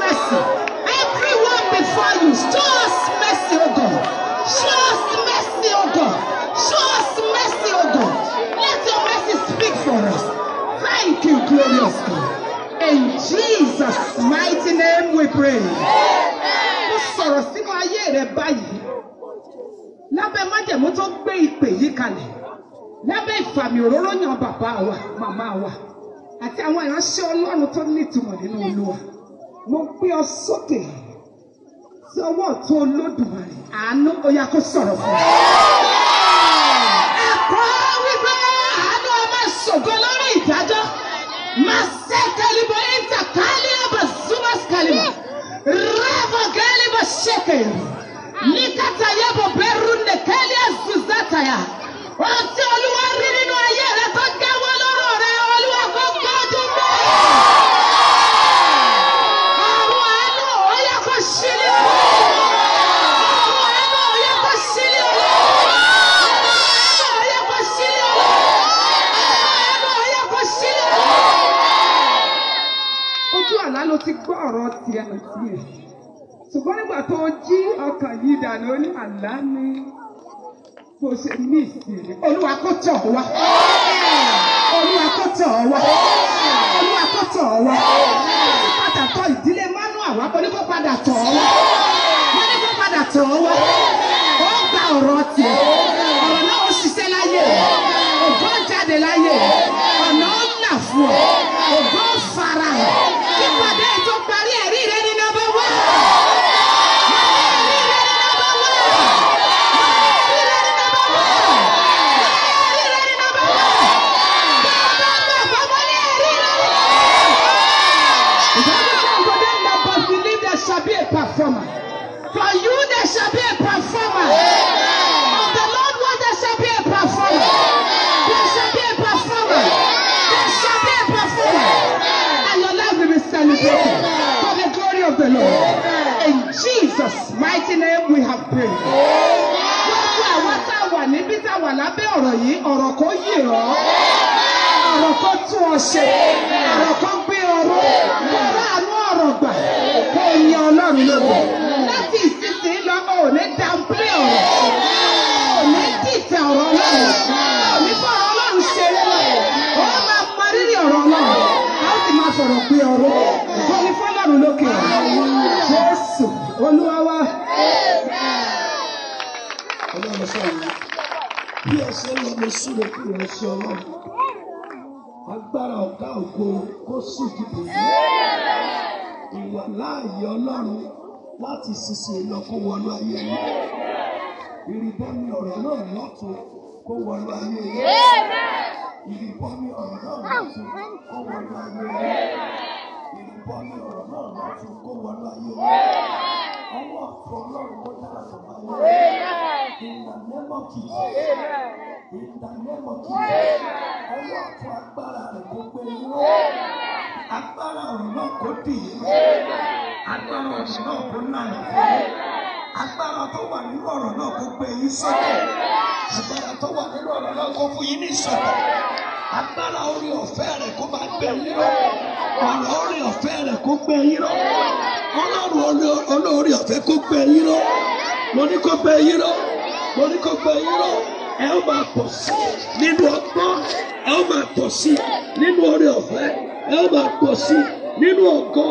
mighty name we pray. Amen. Sorrow, sinu aye re bayi. Labe maje to gbe ipe yi kale. Labe ifami ororo yan baba wa, mama wa. Ati awon iranse Olorun to ni tumo ninu Oluwa. Mo gbe o soke. So what to Olodumare? Anu oya ko soro fun. Amen. yìí ṣùgbọ́n nígbà tó jí ọkàn yìí dànù ó ní àlá ni bó ṣe ní ìsìnkú olúwa kó tọ̀ wá olúwa kó tọ̀ wá olúwa kó tọ̀ wá padà tọ̀ ìdílé mánú àwa kò ní kó padà tọ̀ wá wọ́n ní kó padà tọ̀ wá. Jesus' mighty name we have prayed. Gbogbo àwa tá a wà níbí tá a wà lábẹ́ ọ̀rọ̀ yìí, ọ̀rọ̀ kò yè ọ́. Ọ̀rọ̀ kò tún ọ ṣe. Ọ̀rọ̀ kò gbé ọrọ̀. Kọ̀ọ̀rọ̀ àánú ọ̀rọ̀ gbà. Kò yẹ Ọlọ́run lógo. Láti ìsinsìnyí lọ, ò ní downplay ọ̀rọ̀. ò ní dìtẹ̀ ọ̀rọ̀ Ọlọ́run. O ò ní fọ̀rọ̀ Ọlọ́run lọ. O máa mọ ọ̀rọ̀ Ọlọ́run. A ó sì máa fọ̀rọ̀ gbé ọrọ̀. Kò fọ́lọ́run lókè. ṣe ń lọ mi sí mi kí ìyẹn ṣe ọlọ́run agbára ọ̀gá ògo kó sì dìbò yìí ìwà láàyè ọlọ́run láti ṣiṣẹ́ lọ kó wọnú ayé yìí ìrìbọmi ọ̀rọ̀ náà lọ́tún kó wọnú ayé yìí ìrìbọmi ọ̀rọ̀ náà lọ́tún kó wọnú ayé yìí ìrìbọmi ọ̀rọ̀ náà lọ́tún kó wọnú ayé yìí ọwọ́ ọ̀tún ọlọ́run kó dára tó bá yẹ. ìdánimọ̀ kì í ṣe ìdánimọ̀ kì í ṣe ọwọ́ ọ̀tún agbára rẹ̀ kó gbé wọ́. agbára ọ̀run náà kó dì í agbára ọ̀run náà kó náà fún mi agbára tó wà nínú ọ̀rọ̀ náà kó gbé yín sọ́tọ̀ agbára tó wà nínú ọ̀rọ̀ náà kó fún yín ní ìsọ̀tọ̀ agbára orí ọ̀fẹ́ rẹ̀ kó máa gbé yín lọ ọ̀rọ̀ orí ọ̀fẹ́ rẹ̀ kó gbé yín lọ ọlọ́run olóore ọ̀fẹ́ kó gbẹ yín lọ mo ní kó gbẹ yín lọ mo ní kó gbẹ yín lọ ẹ ó máa pọ̀ sí nínú ọgbọ́n ẹ ó máa pọ̀ sí nínú oore ọ̀fẹ́ ẹ ó máa pọ̀ sí nínú ọgọ́.